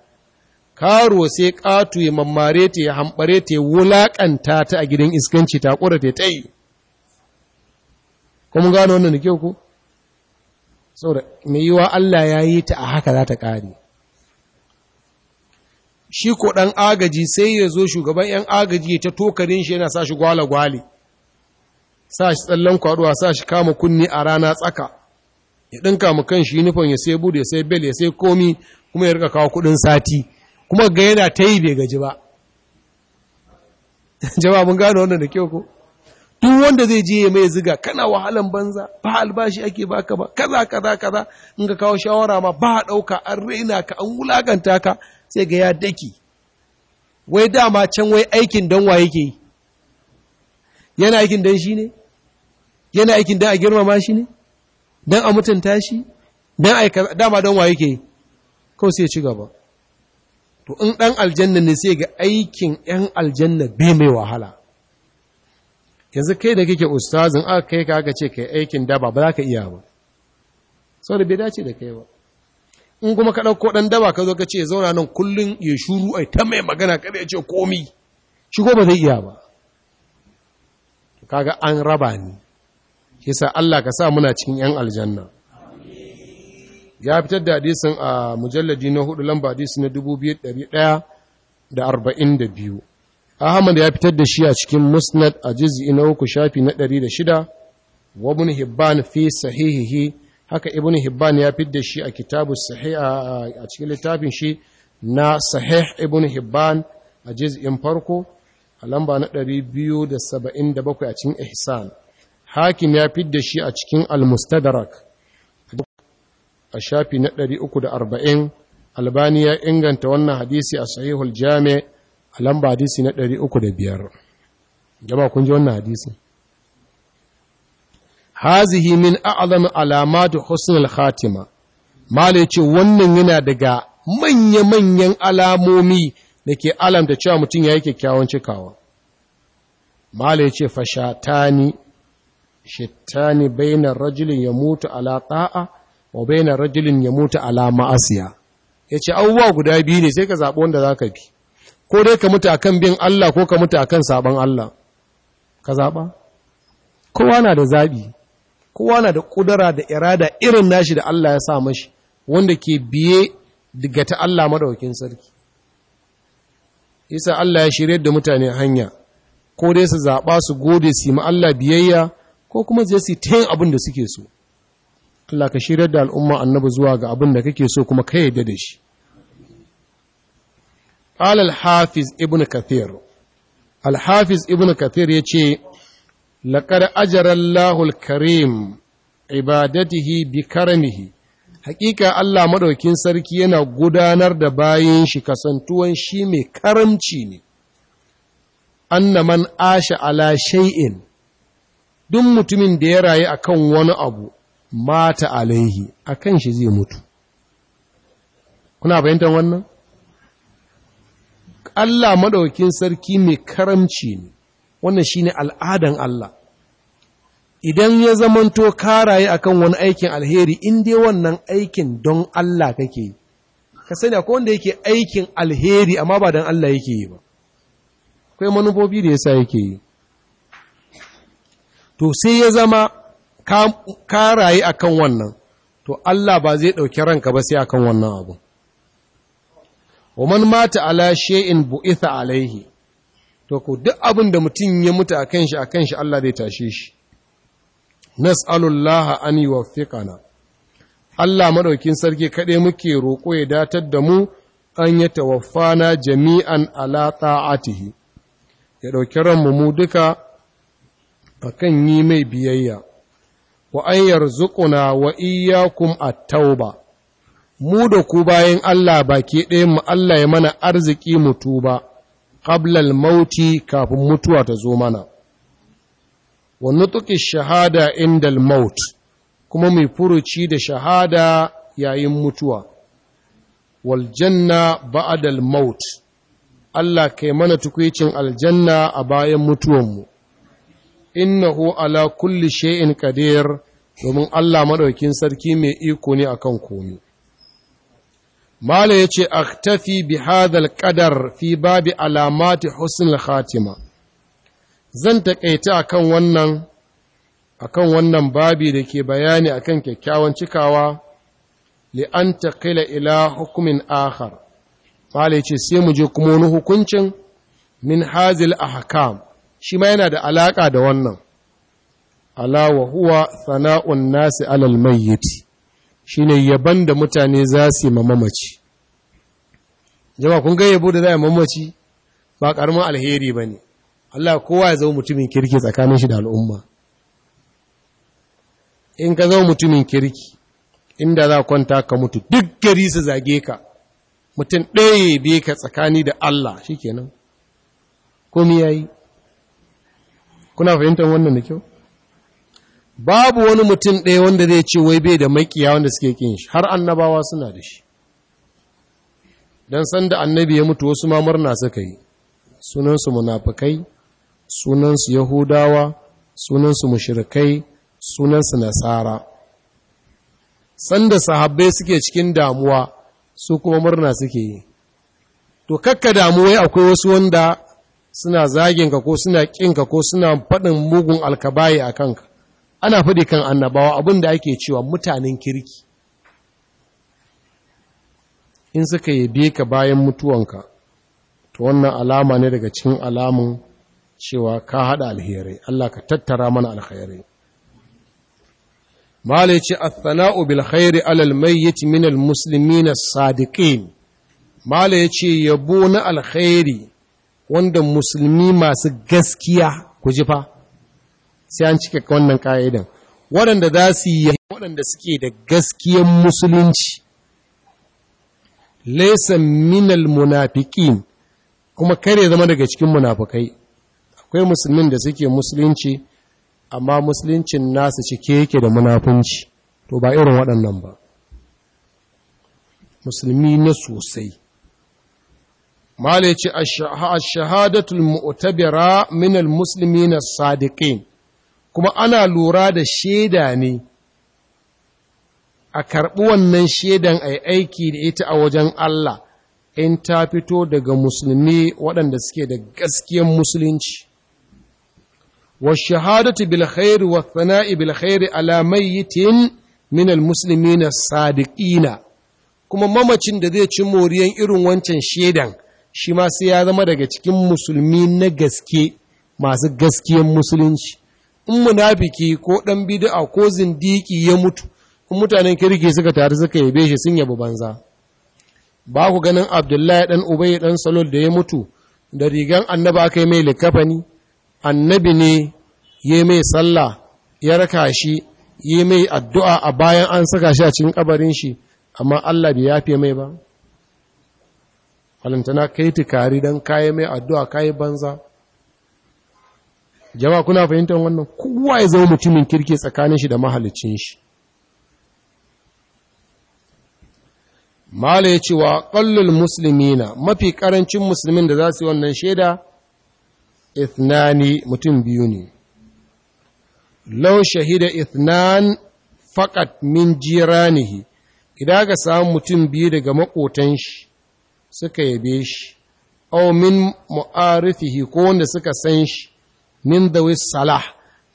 karo sai ƙatu ya mammare ta ya hamɓare ta ya wulaƙanta ta a gidan iskanci ta ƙura ta ta yi kuma gano wannan da kyau ko saboda mai yiwa Allah ya yi ta a haka za ta ƙare shi ko ɗan agaji sai ya zo shugaban 'yan agaji ya ta tokarin shi yana sa shi gwale-gwale sa shi tsallon kwaduwa sa shi kama kunni a rana tsaka ya ɗinka mu kan shi nufin ya sai bude ya sai bel ya sai komi kuma ya rika kawo kuɗin sati kuma ga yana ta yi bai gaji ba Jam'a mun gano wannan da kyau ko duk wanda zai je mai ziga kana wahalan banza ba albashi ake baka ba kaza kaza kaza in ka kawo shawara ma ba ɗauka, an raina ka an wulakanta ka sai ga ya daki wai dama can wai aikin don wa yake yi yana aikin don shi ne yana aikin don a girmama shi ne don a mutunta shi don aika dama don wa yake yi kawai sai ci gaba to in ɗan aljanna ne sai ga aikin ‘yan aljanna bai mai wahala yanzu kai da kake ustazin aka kai ka aka ce kai aikin daba ba za ka iya ba sau da bai dace da kai ba in kuma ka ɗauko ɗan daba ka zo ka ce zauna nan kullum ya shuru a ta mai magana kada ya ce komi shi ko ba zai iya ba kaga an raba ni sa Allah ka sa muna cikin yan aljanna ya fitar da hadisin a mujalladi na hudu lamba hadisi na 2142 Ahmad ya fitar da shi a cikin Musnad a juz'i na uku shafi na 106 wa Ibn Hibban fi sahihihi haka ibn hibban ya fidda shi a kitabu sahih a cikin littafin shi na sahih ibn hibban a juz'in farko a lamba na 277 a cikin ihsan hakim ya fidda shi a cikin al-mustadrak a shafi na 340 albani ya inganta wannan hadisi a sahihul jami' a lamba hadisi na 305 jama'a kun ji wannan hadisi hazihi min a'zam alamatu husnul khatima mala yace wannan yana daga manya-manyan alamomi da ke da cewa mutum ya yi kyakkyawan cikawa mala yace fashatani shittani bainar rajulin ya mutu ala ta'a wa bainar rajulin ya mutu ala ma'asiya yace abubuwa guda biyu ne sai ka zaɓi wanda zaka bi ko dai ka mutu akan bin Allah ko ka mutu akan sabon Allah ka zaba kowa na da zaɓi kowa na da kudura da irada irin nashi da Allah ya sa mashi wanda ke biye daga ta Allah maɗaukin sarki isa Allah ya shirye da mutane hanya ko dai su zaɓa su gode su yi Allah biyayya ko kuma zai su ta yin abin da suke so Allah ka shirye da al'umma annabi zuwa ga abin da kake so kuma ka yarda da shi قال Ibn ابن كثير الحافظ ابن ya ce Lakar laƙar ajarallahul karim ibadatihi bi karamihi hakika Allah maɗaukin sarki yana gudanar da bayan shi kasantuwan shi mai karamci ne anna man asha ala shay'in duk mutumin da ya rayu akan wani abu mata alaihi akan shi zai mutu kuna fahimtar wannan Allah maɗaukin sarki mai karamci ne wannan shine al'adan Allah idan ya zamanto karaye akan wani aikin alheri in dai wannan aikin don Allah kake yi ka sani akwai wanda yake aikin alheri amma ba don Allah yake yi ba akwai manufofi da yasa yake yi to sai ya zama karaye akan wannan to Allah ba zai ɗauki ranka ba sai akan wannan abu wa man mata ala shay'in bu'itha alaihi to ku duk abin da mutum ya mutu kan shi kan shi Allah zai tashe shi nas'alullaha an yuwaffiqana Allah madaukin sarki kaɗai muke roƙo ya datar da mu an ya tawaffana jami'an ala ta'atihi ya ɗauki ranmu mu duka akan yi mai biyayya wa an yarzuquna wa iyyakum at-tauba mu da ku bayan Allah baki ɗayan mu Allah ya mana arziki mu tuba qablal mauti kafin mutuwa ta zo mana wa nutqi shahada indal maut kuma mai furuci da shahada yayin mutuwa wal janna ba'dal maut Allah kai mana tukwicin aljanna a bayan mutuwanmu innahu ala kulli shay'in qadir domin Allah madaukin sarki mai iko ne akan komai Mala ya ce, Aktafi bi hadal ƙadar fi babi alamati husnul khatima. Zan taƙaita akan wannan kan wannan babi da ke bayani akan kyakkyawan cikawa li'an taƙila ila hukumin akhar. Mala ya ce, sai mu je kuma wani hukuncin min hazil ahkam shi ma yana da alaƙa da wannan. Ala wa huwa sana'un nasi alal mayyiti. shine yaban da mutane za su yi mamaci jama kun ga yabo da za a mamaci ba karamin alheri ba ne Allah kowa ya zama mutumin kirki tsakanin shi da al'umma in ka zama mutumin kirki inda za kwanta ka mutu duk gari su zage ka mutum ɗaya biye ka tsakani da Allah shi kenan komi ya yi kuna fahimtar wannan da kyau babu wani mutum ɗaya wanda zai ce wai bai da maƙiya wanda suke kin shi har annabawa suna da shi don sanda annabi ya mutu wasu ma murna suka yi sunansu munafukai sunansu yahudawa sunansu mushrikai sunansu nasara sanda sahabbai suke cikin damuwa su kuma murna suke yi to kakka wai akwai wasu wanda suna zaginka ko suna ƙinka ko suna faɗin mugun alkabayi a kanka ana faɗi kan annabawa abin da ake cewa mutanen kirki in suka yabe ka bayan mutuwanka to wannan alama ne daga cikin alamun cewa ka haɗa alherai Allah ka tattara mana alherai malai ce athana'u bil khairi alal mayyit min al muslimin sadiqin malai ce yabo na alkhairi wanda musulmi masu gaskiya ku ji fa sai an cike wannan ka'idan waɗanda za su yi waɗanda suke da gaskiyar musulunci laisan minal munafiƙin kuma kare zama daga cikin munafukai akwai musulmin da suke musulunci amma musuluncin nasu cike yake da munafunci to ba irin waɗannan ba musulmi na sosai mala ce a shahadatul mu'tabira min al-muslimin as-sadiqin kuma ana lura da shaida ne a karɓi wannan shaidan a aiki da ita a wajen Allah in ta fito daga musulmi waɗanda suke da gaskiyan musulunci wa shahadatu bil khairi wa thana'i bil khairi ala mayyitin min al muslimina sadiqina kuma mamacin da zai ci moriyan irin wancan shaidan shi ma sai ya zama daga cikin musulmi na gaske masu gaskiyan musulunci in munafiki ko ɗan bid'a ko zindiki ya mutu in mutanen kirki suka taru suka yabe shi sun yabo banza ba ku ganin abdullahi dan ubay dan salol da ya mutu da rigan annaba aka yi mai likafani annabi ne ya mai sallah ya raka shi ya mai addu'a a bayan an saka shi a cikin kabarin shi amma Allah bai yafe mai ba falantana kai tukari don kayi mai addu'a kayi banza jama kuna fahimtar wannan kowa ya zama mutumin kirki tsakanin shi da mahalicin shi mala ya ce wa ƙallul musulmi na mafi ƙarancin musulmin da za su yi wannan shaida ethnani mutum biyu ne lau shahida ethnan faƙat min jiranihi idan ka samu mutum biyu daga maƙotan shi suka yabe shi au min mu'arifihi ko wanda suka san shi min wai salah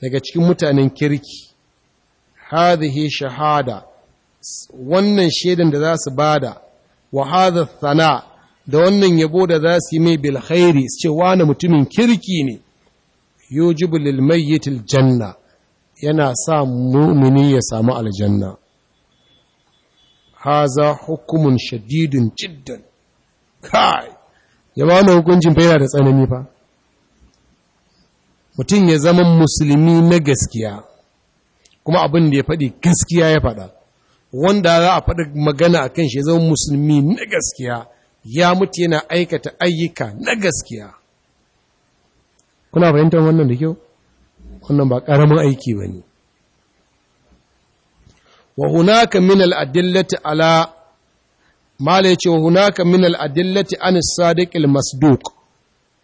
daga cikin mutanen kirki hadhihi shahada wannan shaidan da za su bada wa hadha thana da wannan yabo da za su yi mai bil khairi su ce wani mutumin kirki ne yujibu lil mayyit al janna yana sa mu'mini ya samu aljanna haza hukumun shadidin jiddan kai Yaba ba hukuncin fa yana da tsanani fa mutum ya zama musulmi na gaskiya kuma abin da ya faɗi gaskiya ya faɗa wanda za a faɗi magana a kan shi ya zama musulmi na gaskiya ya mutu yana aikata ayyuka na gaskiya kuna fahimtar wannan da kyau wannan ba ƙaramin aiki ba ne wa hunaka min al'adillati ala mala la ce wa hunaka min al'adillati an sadiq al-masduq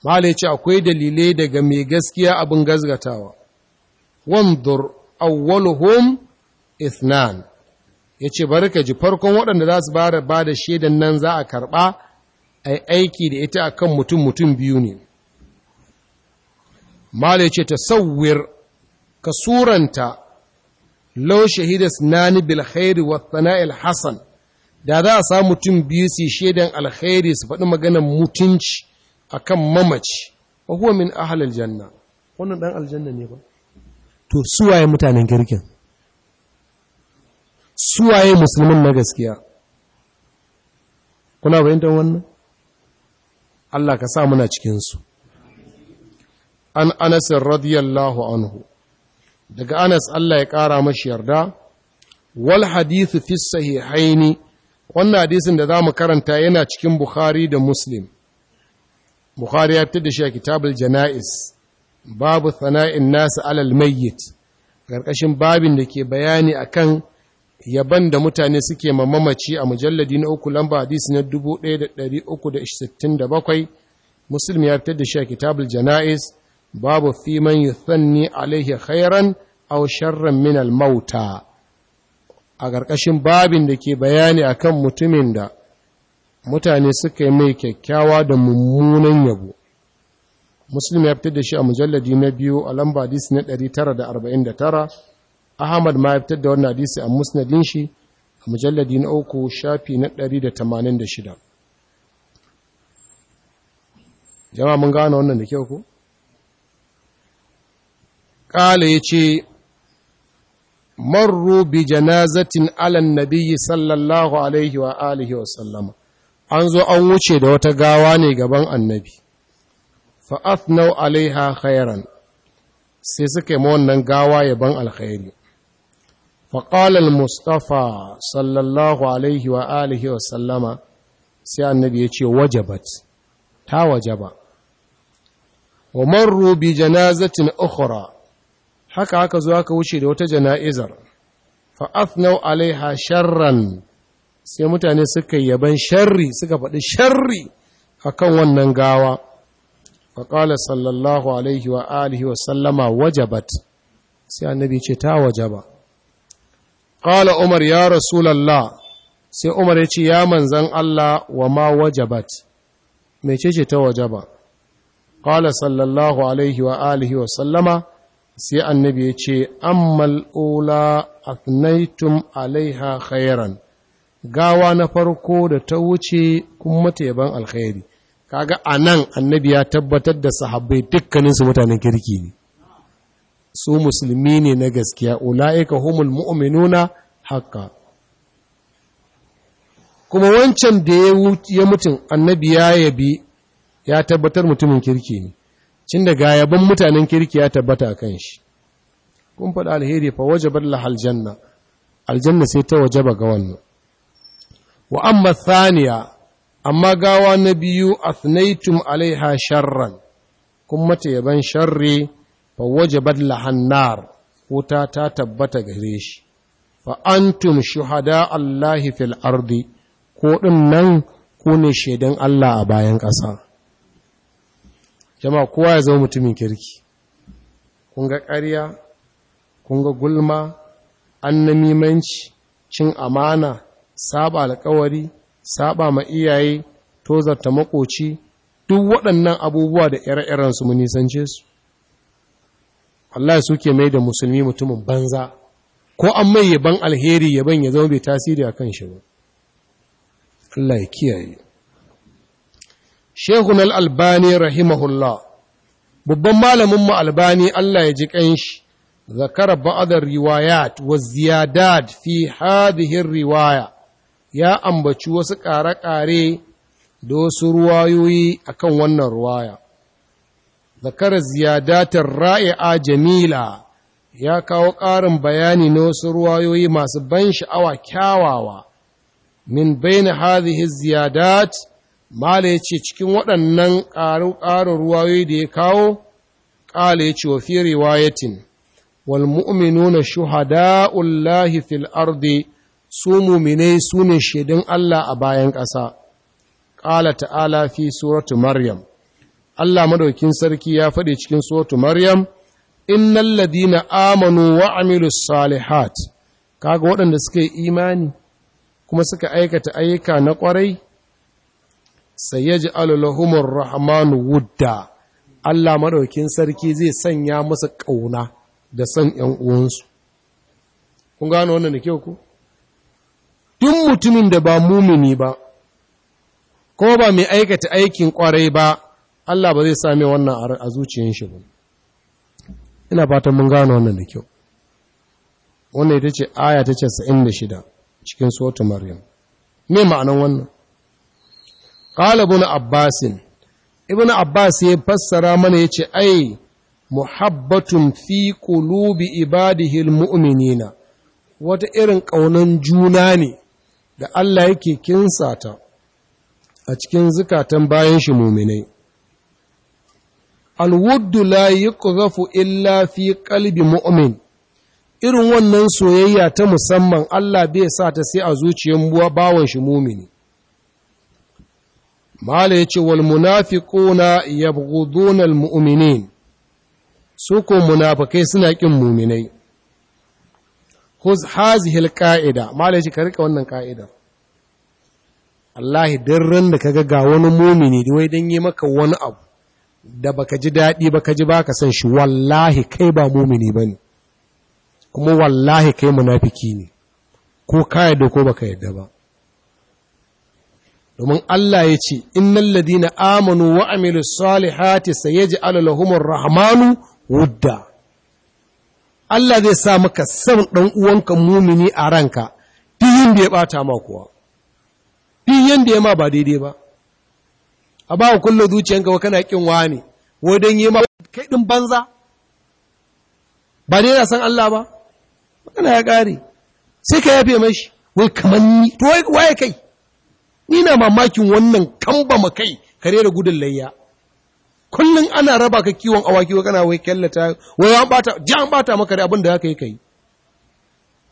Malai ce akwai dalilai daga mai gaskiya abin gazgatawa. wanzur awwaluhum ithnan ya ce bari ka ji farkon waɗanda za su bara ba da shaidan nan za a karɓa a aiki da ita a kan mutum mutum biyu ne. Malai ce ta sauwir ka suranta lau shahida nani bil wa thana'il hasan da za a sa mutum biyu su shaidan alkhairi su faɗi maganar mutunci akan mamaci wa huwa min ahlil janna wannan dan aljanna ne ba to suwaye mutanen girkin suwaye musulman na gaskiya kuna bayyantar wannan Allah ka sa muna cikinsu. an anasin radiyallahu anhu daga Anas Allah ya kara mashi yarda wal hadithu fi sahihaini wannan hadisin da za mu karanta yana cikin Bukhari da Muslim bukhari ya fitar da shi a kitabul jana'is babu sana'in nasu alal mayyit karkashin babin da ke bayani akan yaban da mutane suke mamamaci a mujalladi na uku lamba hadisi na 1367 muslim ya fitar da shi a kitabul jana'is babu fi man yuthanni alaihi khairan aw sharran min al mauta a karkashin babin da ke bayani akan mutumin da mutane suka yi mai kyakkyawa da mummunan yabo muslim ya fitar da shi a mujalladi na biyu a lamba disi na 949 ahmad ma ya fitar da wannan disi a musnadin shi a mujalladi na uku shafi na 186 jama'a mun gane wannan da kyau ko kala yace marru bi janazatin ala nabiyyi sallallahu alaihi wa alihi wa sallama an zo an wuce da wata gawa ne gaban annabi fa'athnau alaiha khairan sai suka yi wannan gawa yaban alkhairi faƙalar mustapha sallallahu alaihi wa alihi wa sallama sai annabi ya ce wajabat ta wajaba wa marru bi janazatin ukhra haka haka zuwa ka wuce da wata jana'izar fa'athnau alaiha sharran sai mutane suka yaban sharri suka faɗi sharri akan wannan gawa ƙala sallallahu alaihi wa alihi wa sallama wajabat sai annabi ce ta wajaba ƙala umar ya rasulallah sai umar ya ce ya manzan Allah wa ma wajabat mai ce ce ta wajaba ƙala sallallahu alaihi wa alihi wa sallama sai annabi ya ce ammal ula afnaitum alaiha khairan gawa na farko da ta wuce kuma mata yaban alkhairi kaga a nan annabi ya tabbatar da sahabbai dukkaninsu mutanen kirki ne su musulmi ne na gaskiya ula'ika humul mu'minuna haka? kuma wancan da ya mutum annabi ya yabi ya tabbatar mutumin kirki ne cin da gayaban mutanen kirki ya tabbata kan shi kun faɗa alheri fa wajabar lahal janna aljanna sai ta wajaba ga wannan wa amma thaniya amma gawa na biyu asnaitum alaiha sharran kun mata yaban sharri fa wajabat lahannar wuta ta tabbata gare shi fa antum shuhada Allahi fil ardi ko ɗin nan ku ne shaidan Allah a bayan ƙasa jama'a kowa ya zama mutumin kirki kun ga ƙarya kun ga gulma annamimanci cin amana saba alkawari saba ma iyaye tozarta makoci duk waɗannan abubuwa da ire-iren su mun nisance su Allah suke mai da musulmi mutumin banza ko an mai yaban alheri yaban ya zama bai tasiri a kan shi ba Allah ya kiyaye Sheikh al-Albani rahimahullah babban malamin mu Albani Allah ya ji kanshi zakara ba'd riwayat wa ziyadat fi hadhihi riwaya ya ambaci wasu ƙare-ƙare da wasu ruwayoyi a kan wannan ruwaya. Zakar ziyadatar ra'i'a jamila ya kawo ƙarin bayani na wasu ruwayoyi masu ban sha'awa kyawawa, min baina hazihi ziyadat Mala ya ce cikin waɗannan ƙarin ruwayoyi da ya kawo, ƙala ya ce wa fi riwayatin, wal na shuhada'ullahi fil ardi su muminai su ne shaidun Allah a bayan ƙasa ƙala ta'ala fi suratu maryam Allah madaukin sarki ya faɗi cikin suratu maryam innal ladina amanu wa amilus salihat kaga waɗanda suka yi imani kuma suka aikata ayyuka na ƙwarai sayaj'alu lahumur rahmanu wudda Allah madaukin sarki zai sanya masa ƙauna da san ƴan uwansu kun gano wannan da kyau ku duk mutumin da ba mumini ba, ko ba mai aikata aikin ƙwarai ba, Allah ba zai same wannan a zuciyar shi ba. Ina fatan mun gano wannan da kyau. Wannan ita ce aya ta casa'in da shida cikin Sotu Maryam. Me ma'anan wannan? Ƙala bin Abbasin, Ibn Abbas ya fassara mana ya ce, Ai, muhabbatun fi kulubi ibadihil mu'minina. wata irin ƙaunan juna ne da Allah yake kinsata a cikin zukatan bayan shi muminai. Alwuddu la yuqzafu illa fi qalbi mu'min irin wannan soyayya ta musamman Allah bai sa ta sai a zuciyar bawan shi mumini. Mala ya ce, Wal munafiquna yabghuduna al-mu'minin, su ko munafikai suna ƙin muminai. khuz hazihil ka'ida. mallai shi ka rika wannan ka'idar wallahi duk ran da kaga ga wani mumini da wai dan yi maka wani abu da baka ji daɗi baka ji baka san shi wallahi kai ba mumini bane kuma wallahi kai munafiki ne ko ka yadda ko baka yadda ba domin Allah ya ce innal ladina amanu wa amilus salihati sayaj'alu lahumur rahmanu wudda Allah zai sa maka san ɗan uwanka mumini a ranka duk da ya bata ma kuwa duk da ya ma ba daidai ba a ba wa kullu zuciyanka ba kana kin ne, wadan yi ma kai ɗin banza ba dai na san Allah ba magana ya ƙari sai ka yafe mashi wai kaman ni to waye kai ni na mamakin wannan kamba makai kare da gudun layya kullum ana raba ka kiwon awaki wa kana wai kyallata wai an bata ji an bata maka da abin da zaka yi kai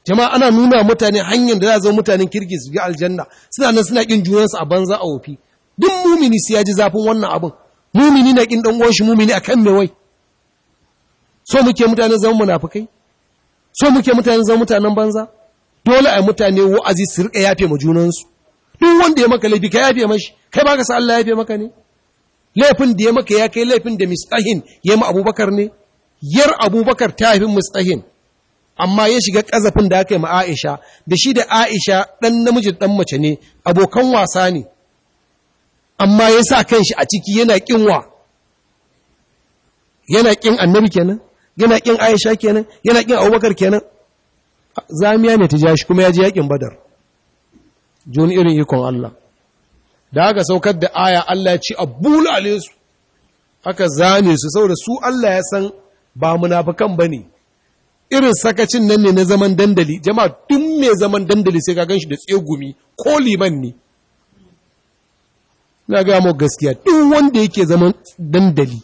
jama'a ana nuna mutane hanyar da za zama mutanen kirki su ga aljanna suna nan suna kin junansu a banza a wofi duk mumini sai ya ji zafin wannan abin mumini na kin dan uwanshi mumini akan me wai so muke mutane zaman munafikai so muke mutane zaman mutanen banza dole a mutane wa'azi su rika yafe ma junansu duk wanda ya maka laifi ka yafe mashi kai baka sa Allah yafe maka ne laifin da ya maka ya kai laifin da mistahin ya yi abubakar ne yar abubakar ta haifin mistahin amma ya shiga ƙazafin da aka yi ma aisha da shi da aisha ɗan namiji ɗan mace ne abokan wasa ne amma ya sa kan shi a ciki yana ƙin wa yana ƙin annabi kenan yana ƙin aisha kenan yana ƙin abubakar kenan zamiya ne ta ja shi kuma ya ji yaƙin badar juni irin ikon allah da aka saukar da aya Allah ya ce a bulale su aka zane su saboda su Allah ya san ba munafukan bane irin sakacin nan ne na zaman dandali jama'a tun mai zaman dandali sai ka gan shi da tsegumi ko liman ne na ga mu gaskiya duk wanda yake zaman dandali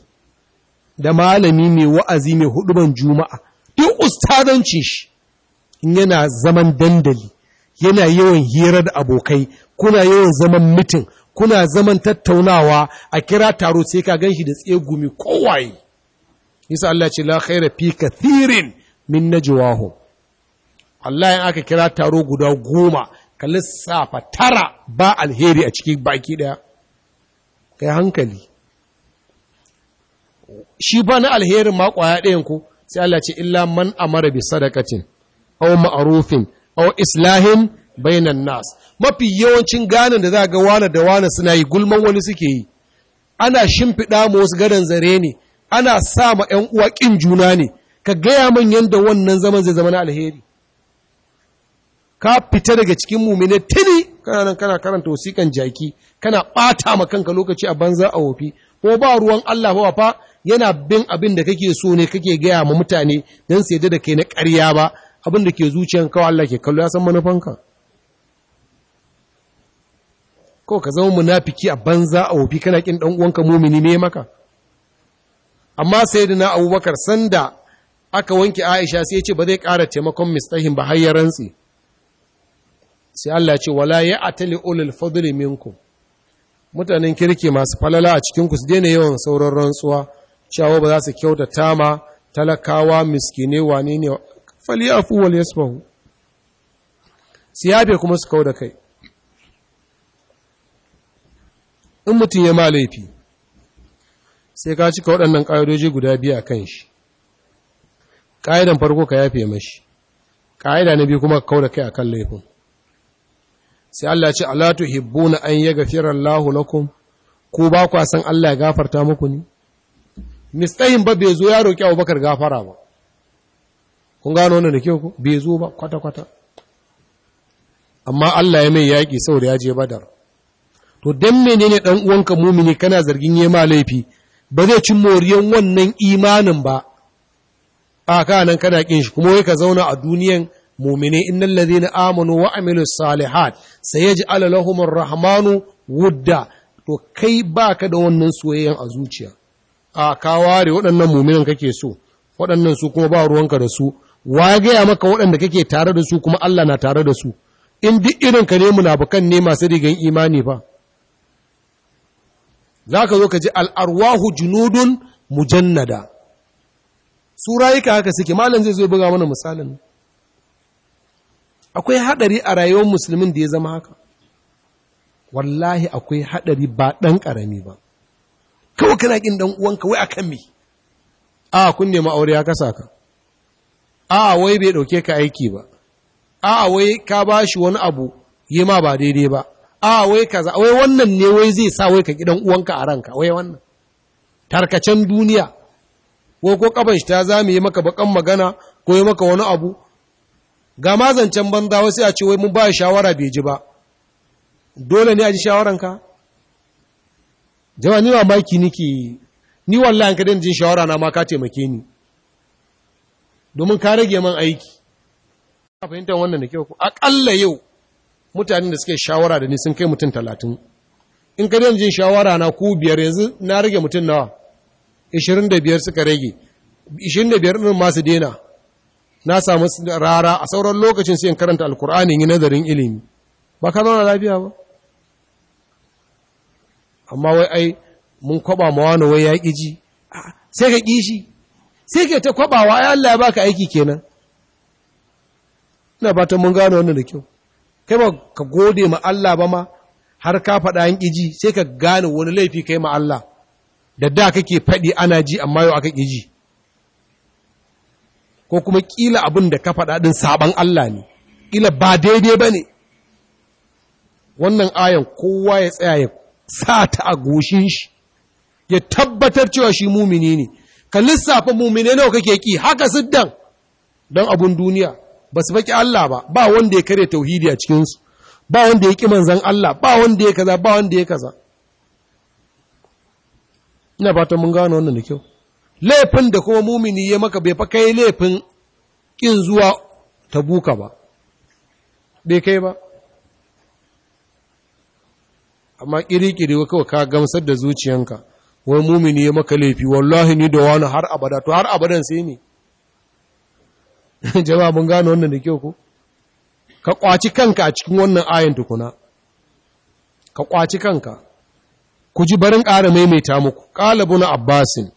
da malami mai wa'azi mai huduban juma'a duk ustadancin shi yana zaman dandali yana yawan hira da abokai kuna yawan zaman mutum kuna zaman tattaunawa a kira taro sai ka gan shi da tsegumi kowaye nisa Allah ce la khaira fi kathirin min jiwaho. Allah in aka kira taro guda goma ka lissafa tara ba alheri a cikin baki daya kai hankali shi ba na alherin ma kwaya ɗayan ku sai Allah ce illa man amara bi sadakacin, aw ma'rufin au islahin bainan nas mafi yawancin ganin da za ga wane da wane suna yi gulman wani suke yi ana shimfiɗa ma wasu gadon zare ne ana sa ma ‘yan uwa ƙin juna ne ka gaya min yadda wannan zaman zai zama na alheri ka fita daga cikin mumine tuni kana nan kana karanta wasiƙan jaki kana ɓata ma kanka lokaci a banza a wofi ko ba ruwan Allah ba fa yana bin abin da kake so ne kake gaya ma mutane don sai da, da kai na ƙarya ba abin da ke zuciyan kawai Allah ke kallo ya san manufanka. ko ka zama munafiki a banza a wofi kana kin dan uwanka mumini ne maka amma sayyidina abubakar sanda aka wanke aisha sai ya ce ba zai ƙara taimakon mistahin ba har ya rantsi sai Allah ce wala ya atali ulul fadli minkum mutanen kirki masu falala a cikin ku su daina yawan sauran rantsuwa cewa ba za su kyauta tama talakawa miskine wane ne afu wal yasfahu siyabe kuma su kauda kai in mutum ya ma laifi sai ka cika waɗannan ƙa'idoji guda biyu a kan shi ƙa'idan farko ka yafe mashi ƙa'ida na biyu kuma ka kaura kai a kan laifin sai Allah ce hibbu na an yaghfira Allahu lakum ko ba ku san Allah ya gafarta muku ne mistahin ba bai zo ya roƙi Abubakar gafara ba kun gano wannan da kyau ku bai zo ba kwata kwata amma Allah ya mai yaki saboda ya je Badar to dan menene dan uwanka mumini kana zargin yema laifi ba zai cin moriyan wannan imanin ba a kanan kana kin shi kuma wai ka zauna a duniyan mumini innal na amanu wa amilus salihat sayaj'al lahum rahmanu wudda to kai baka da wannan soyayyan a zuciya a ka waɗannan muminan kake so waɗannan su kuma ba ruwanka da su wa gaya maka waɗanda kake tare da su kuma Allah na tare da su in duk irin ka ne munafukan ne masu rigan imani fa za ka zo ka ji al'arwahu junudun mujannada su rayuka haka suke malam zai zo buga mana misalin akwai haɗari a rayuwar musulmin da ya zama haka wallahi akwai haɗari ba ɗan ƙarami ba kawai kana ƙin ɗan uwanka wai a kan me a kun nemi aure ya kasa ka a wai bai ɗauke ka aiki ba a wai ka ba shi wani abu yi ma ba daidai ba a wai kaza wai wannan ne wai zai sa wai ka gidan uwanka a ranka wai wannan tarkacen duniya ko ko kaban shi ta zame maka bakan magana ko yi maka wani abu ga mazancen banza wasu a ce wai mun ba shawara bai ji ba dole ne a ji ka jama ni wa maki niki ni wallahi ka jin shawara na ma ka taimake ni domin ka rage man aiki ka fahimtar wannan da kyau ku akalla yau mutanen da suke shawara da ni sun kai mutum talatin in ka dan jin shawara na ku biyar yanzu na rage mutum nawa ishirin da biyar suka rage ishirin da biyar ɗin masu dena na samu rara a sauran lokacin sai in karanta alkur'ani yi nazarin ilimi ba ka zauna lafiya ba amma wai ai mun kwaba ma wani wai ya ƙi ji sai ka ƙi shi sai ka ta kwabawa ai Allah ya baka aiki kenan ina fatan mun gano wannan da kyau kai ba ka gode ma Allah ba ma har ka faɗa yin ƙiji sai ka gane wani laifi kai ma Allah da da kake faɗi ana ji amma yau aka ƙiji ko kuma ƙila abin da ka faɗa ɗin saɓan Allah ne ƙila ba daidai ba ne wannan ayan kowa ya tsaya ya sa ta a goshin shi ya tabbatar cewa shi mumini ne ka lissafa mumine nawa kake ƙi? haka siddan don abun duniya ba su baki Allah ba ba wanda ya kare tauhidi a cikinsu ba wanda ya ƙi manzan Allah ba wanda ya kaza ba wanda ya kaza ina fatan mun gano wannan da kyau laifin da kuma mumini ya maka bai fa laifin ƙin zuwa tabuka ba bai kai ba amma ƙiri-ƙiri kawai ka gamsar da zuciyanka wani mumini ya maka laifi wallahi ni da wani har abada to har abadan sai ne jama'a mun gano wannan da kyau ko ka kwaci kanka a cikin wannan ayin tukuna ka kwaci kanka ku ji barin ƙara maimaita muku ƙalibun abbasin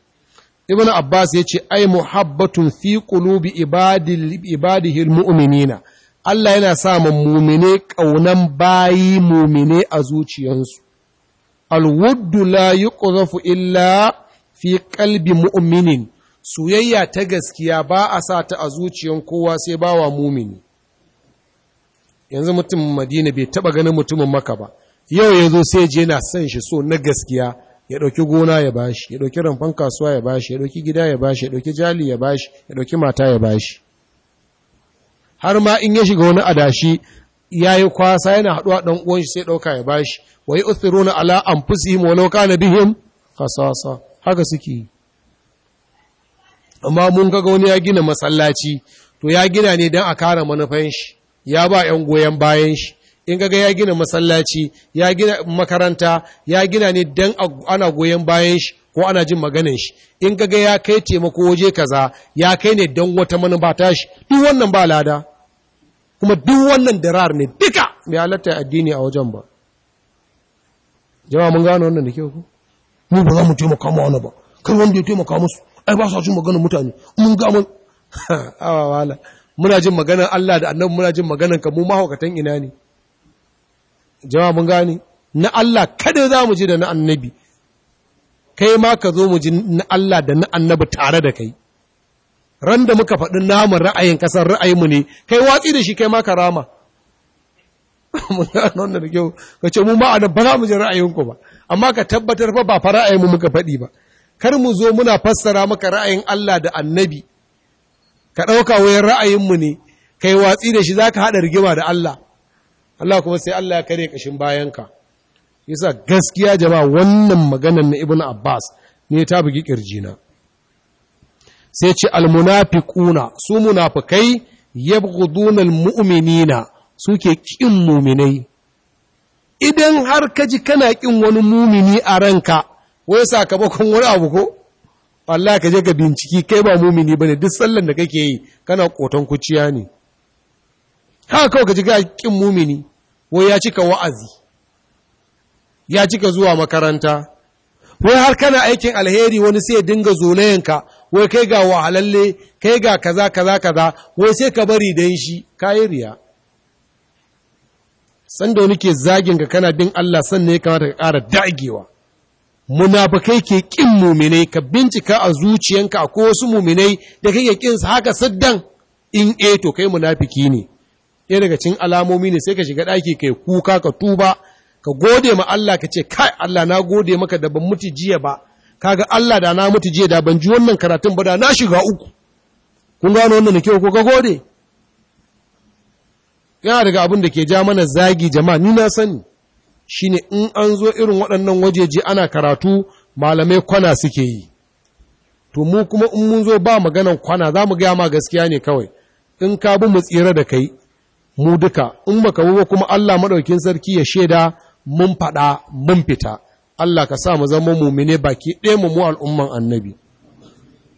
ibn abbas ya ce ai muhabbatun fi qulubi ibadihi mu'minina Allah yana sa mu'mine ƙaunan bayi mu'mine a zuciyansu alwuddu la yuqzafu illa fi qalbi mu'minin soyayya ta gaskiya ba a sa ta a zuciyan kowa sai ba wa mumini yanzu mutumin madina bai taba ganin mutumin maka ba yau ya sai je na son shi so na gaskiya ya ɗauki gona ya bashi ya ɗauki rumfan kasuwa ya bashi ya ɗauki gida ya bashi ya ɗauki jali ya bashi ya ɗauki mata ya bashi har ma in ya shiga wani adashi ya yi kwasa yana haɗuwa ɗan uwan shi sai ɗauka ya bashi wa yi ala anfusihim wa law na bihim khasasa haka suke yi amma mun kaga wani ya gina masallaci to ya gina ne don a kara manufan shi ya ba 'yan goyon bayan shi in kaga ya gina masallaci ya gina makaranta ya gina ne don ana goyon bayan shi ko ana jin maganin shi in kaga ya kai taimako waje kaza ya kai ne don wata manufa ta shi duk wannan ba lada kuma duk wannan dirar ne duka mai halatta addini a wajen ba jama'a mun gano wannan da kyau ku mu ba za mu taimaka ma wani ba kan wanda ya taimaka musu ai ba su jin maganar mutane mun ga mun awa wala muna jin maganar Allah da annabi muna jin maganar ka mu mahaukatan ina ne jama'a mun gani na Allah kada za mu ji da na annabi kai ma ka zo mu ji na Allah da na annabi tare da kai ran da muka faɗi namun ra'ayin ƙasar mu ne kai watsi da shi kai ma ka rama mun gane wannan da kyau ka ce mu ma anan ba za mu ji ra'ayinku ba amma ka tabbatar fa ba fa ra'ayinmu muka faɗi ba kar mu zo muna fassara maka ra'ayin Allah da annabi ka ɗauka wayan ra'ayinmu ne kai watsi da shi za ka haɗa rigima da Allah Allah kuma sai Allah ya kare ƙashin bayanka yasa gaskiya jama'a wannan maganar na ibn Abbas ne ta bugi na. sai ce almunafiquna su munafikai yabghuduna muminina suke ƙin muminai idan har ka ji kana ƙin wani mumini a ranka wai sakamakon wani abu ko Allah ka je ka binciki kai ba mumini bane duk sallan da kake yi kana koton kuciya ne haka kawai ka ji ga kin mumini wai ya cika wa'azi ya cika zuwa makaranta wai har kana aikin alheri wani sai dinga zolayenka wai kai ga wahalalle kai ga kaza kaza kaza wai sai ka bari dan shi kayi riya sanda wani ke zagin ka kana bin Allah sannan ya kamata ka ƙara dagewa munafikai ke ƙin muminai ka bincika a zuciyanka a wasu muminai da kake ƙin su haka saddan in e to kai munafiki ne ɗaya daga cin alamomi ne sai ka shiga ɗaki kai kuka ka tuba ka gode ma Allah ka ce kai Allah na gode maka da ban mutu jiya ba kaga Allah da na mutu jiya da ban ji wannan karatun ba da na shiga uku kun gano wannan kyau ko ka gode yana daga abin da ke ja mana zagi jama'a ni na sani ne in an zo irin waɗannan wajeji ana karatu malamai kwana suke yi to mu kuma in mun zo ba maganan kwana za mu gaya ma gaskiya ne kawai in ka bi mu tsira da kai mu duka in baka wuwa kuma Allah maɗaukin sarki ya shaida mun faɗa mun fita Allah ka sa mu zama mumine baki ɗaya mu mu al'umman annabi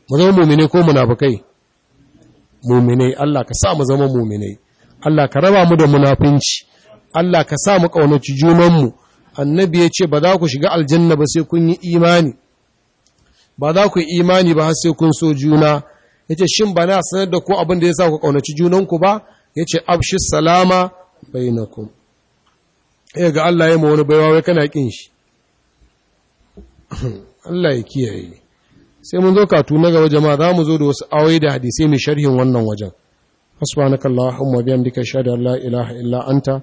mu zama mumine ko munafukai mumine Allah ka sa mu zama mumine Allah ka raba mu da munafinci Allah ka sa mu ƙaunaci junanmu annabi ya ce ba za ku shiga aljanna ba sai kun yi imani ba za ku yi imani ba sai kun so juna ya ce shin ba na sanar da ku abin da ya sa ku ƙaunaci junanku ba ya ce abshi salama bainakum ya ga Allah ya ma wani baiwa wai kana ƙin shi Allah ya kiyaye sai mun zo katu na gaba jama'a za mu zo da wasu awai da hadisai mai sharhin wannan wajen subhanakallahumma bihamdika ashhadu an la ilaha illa anta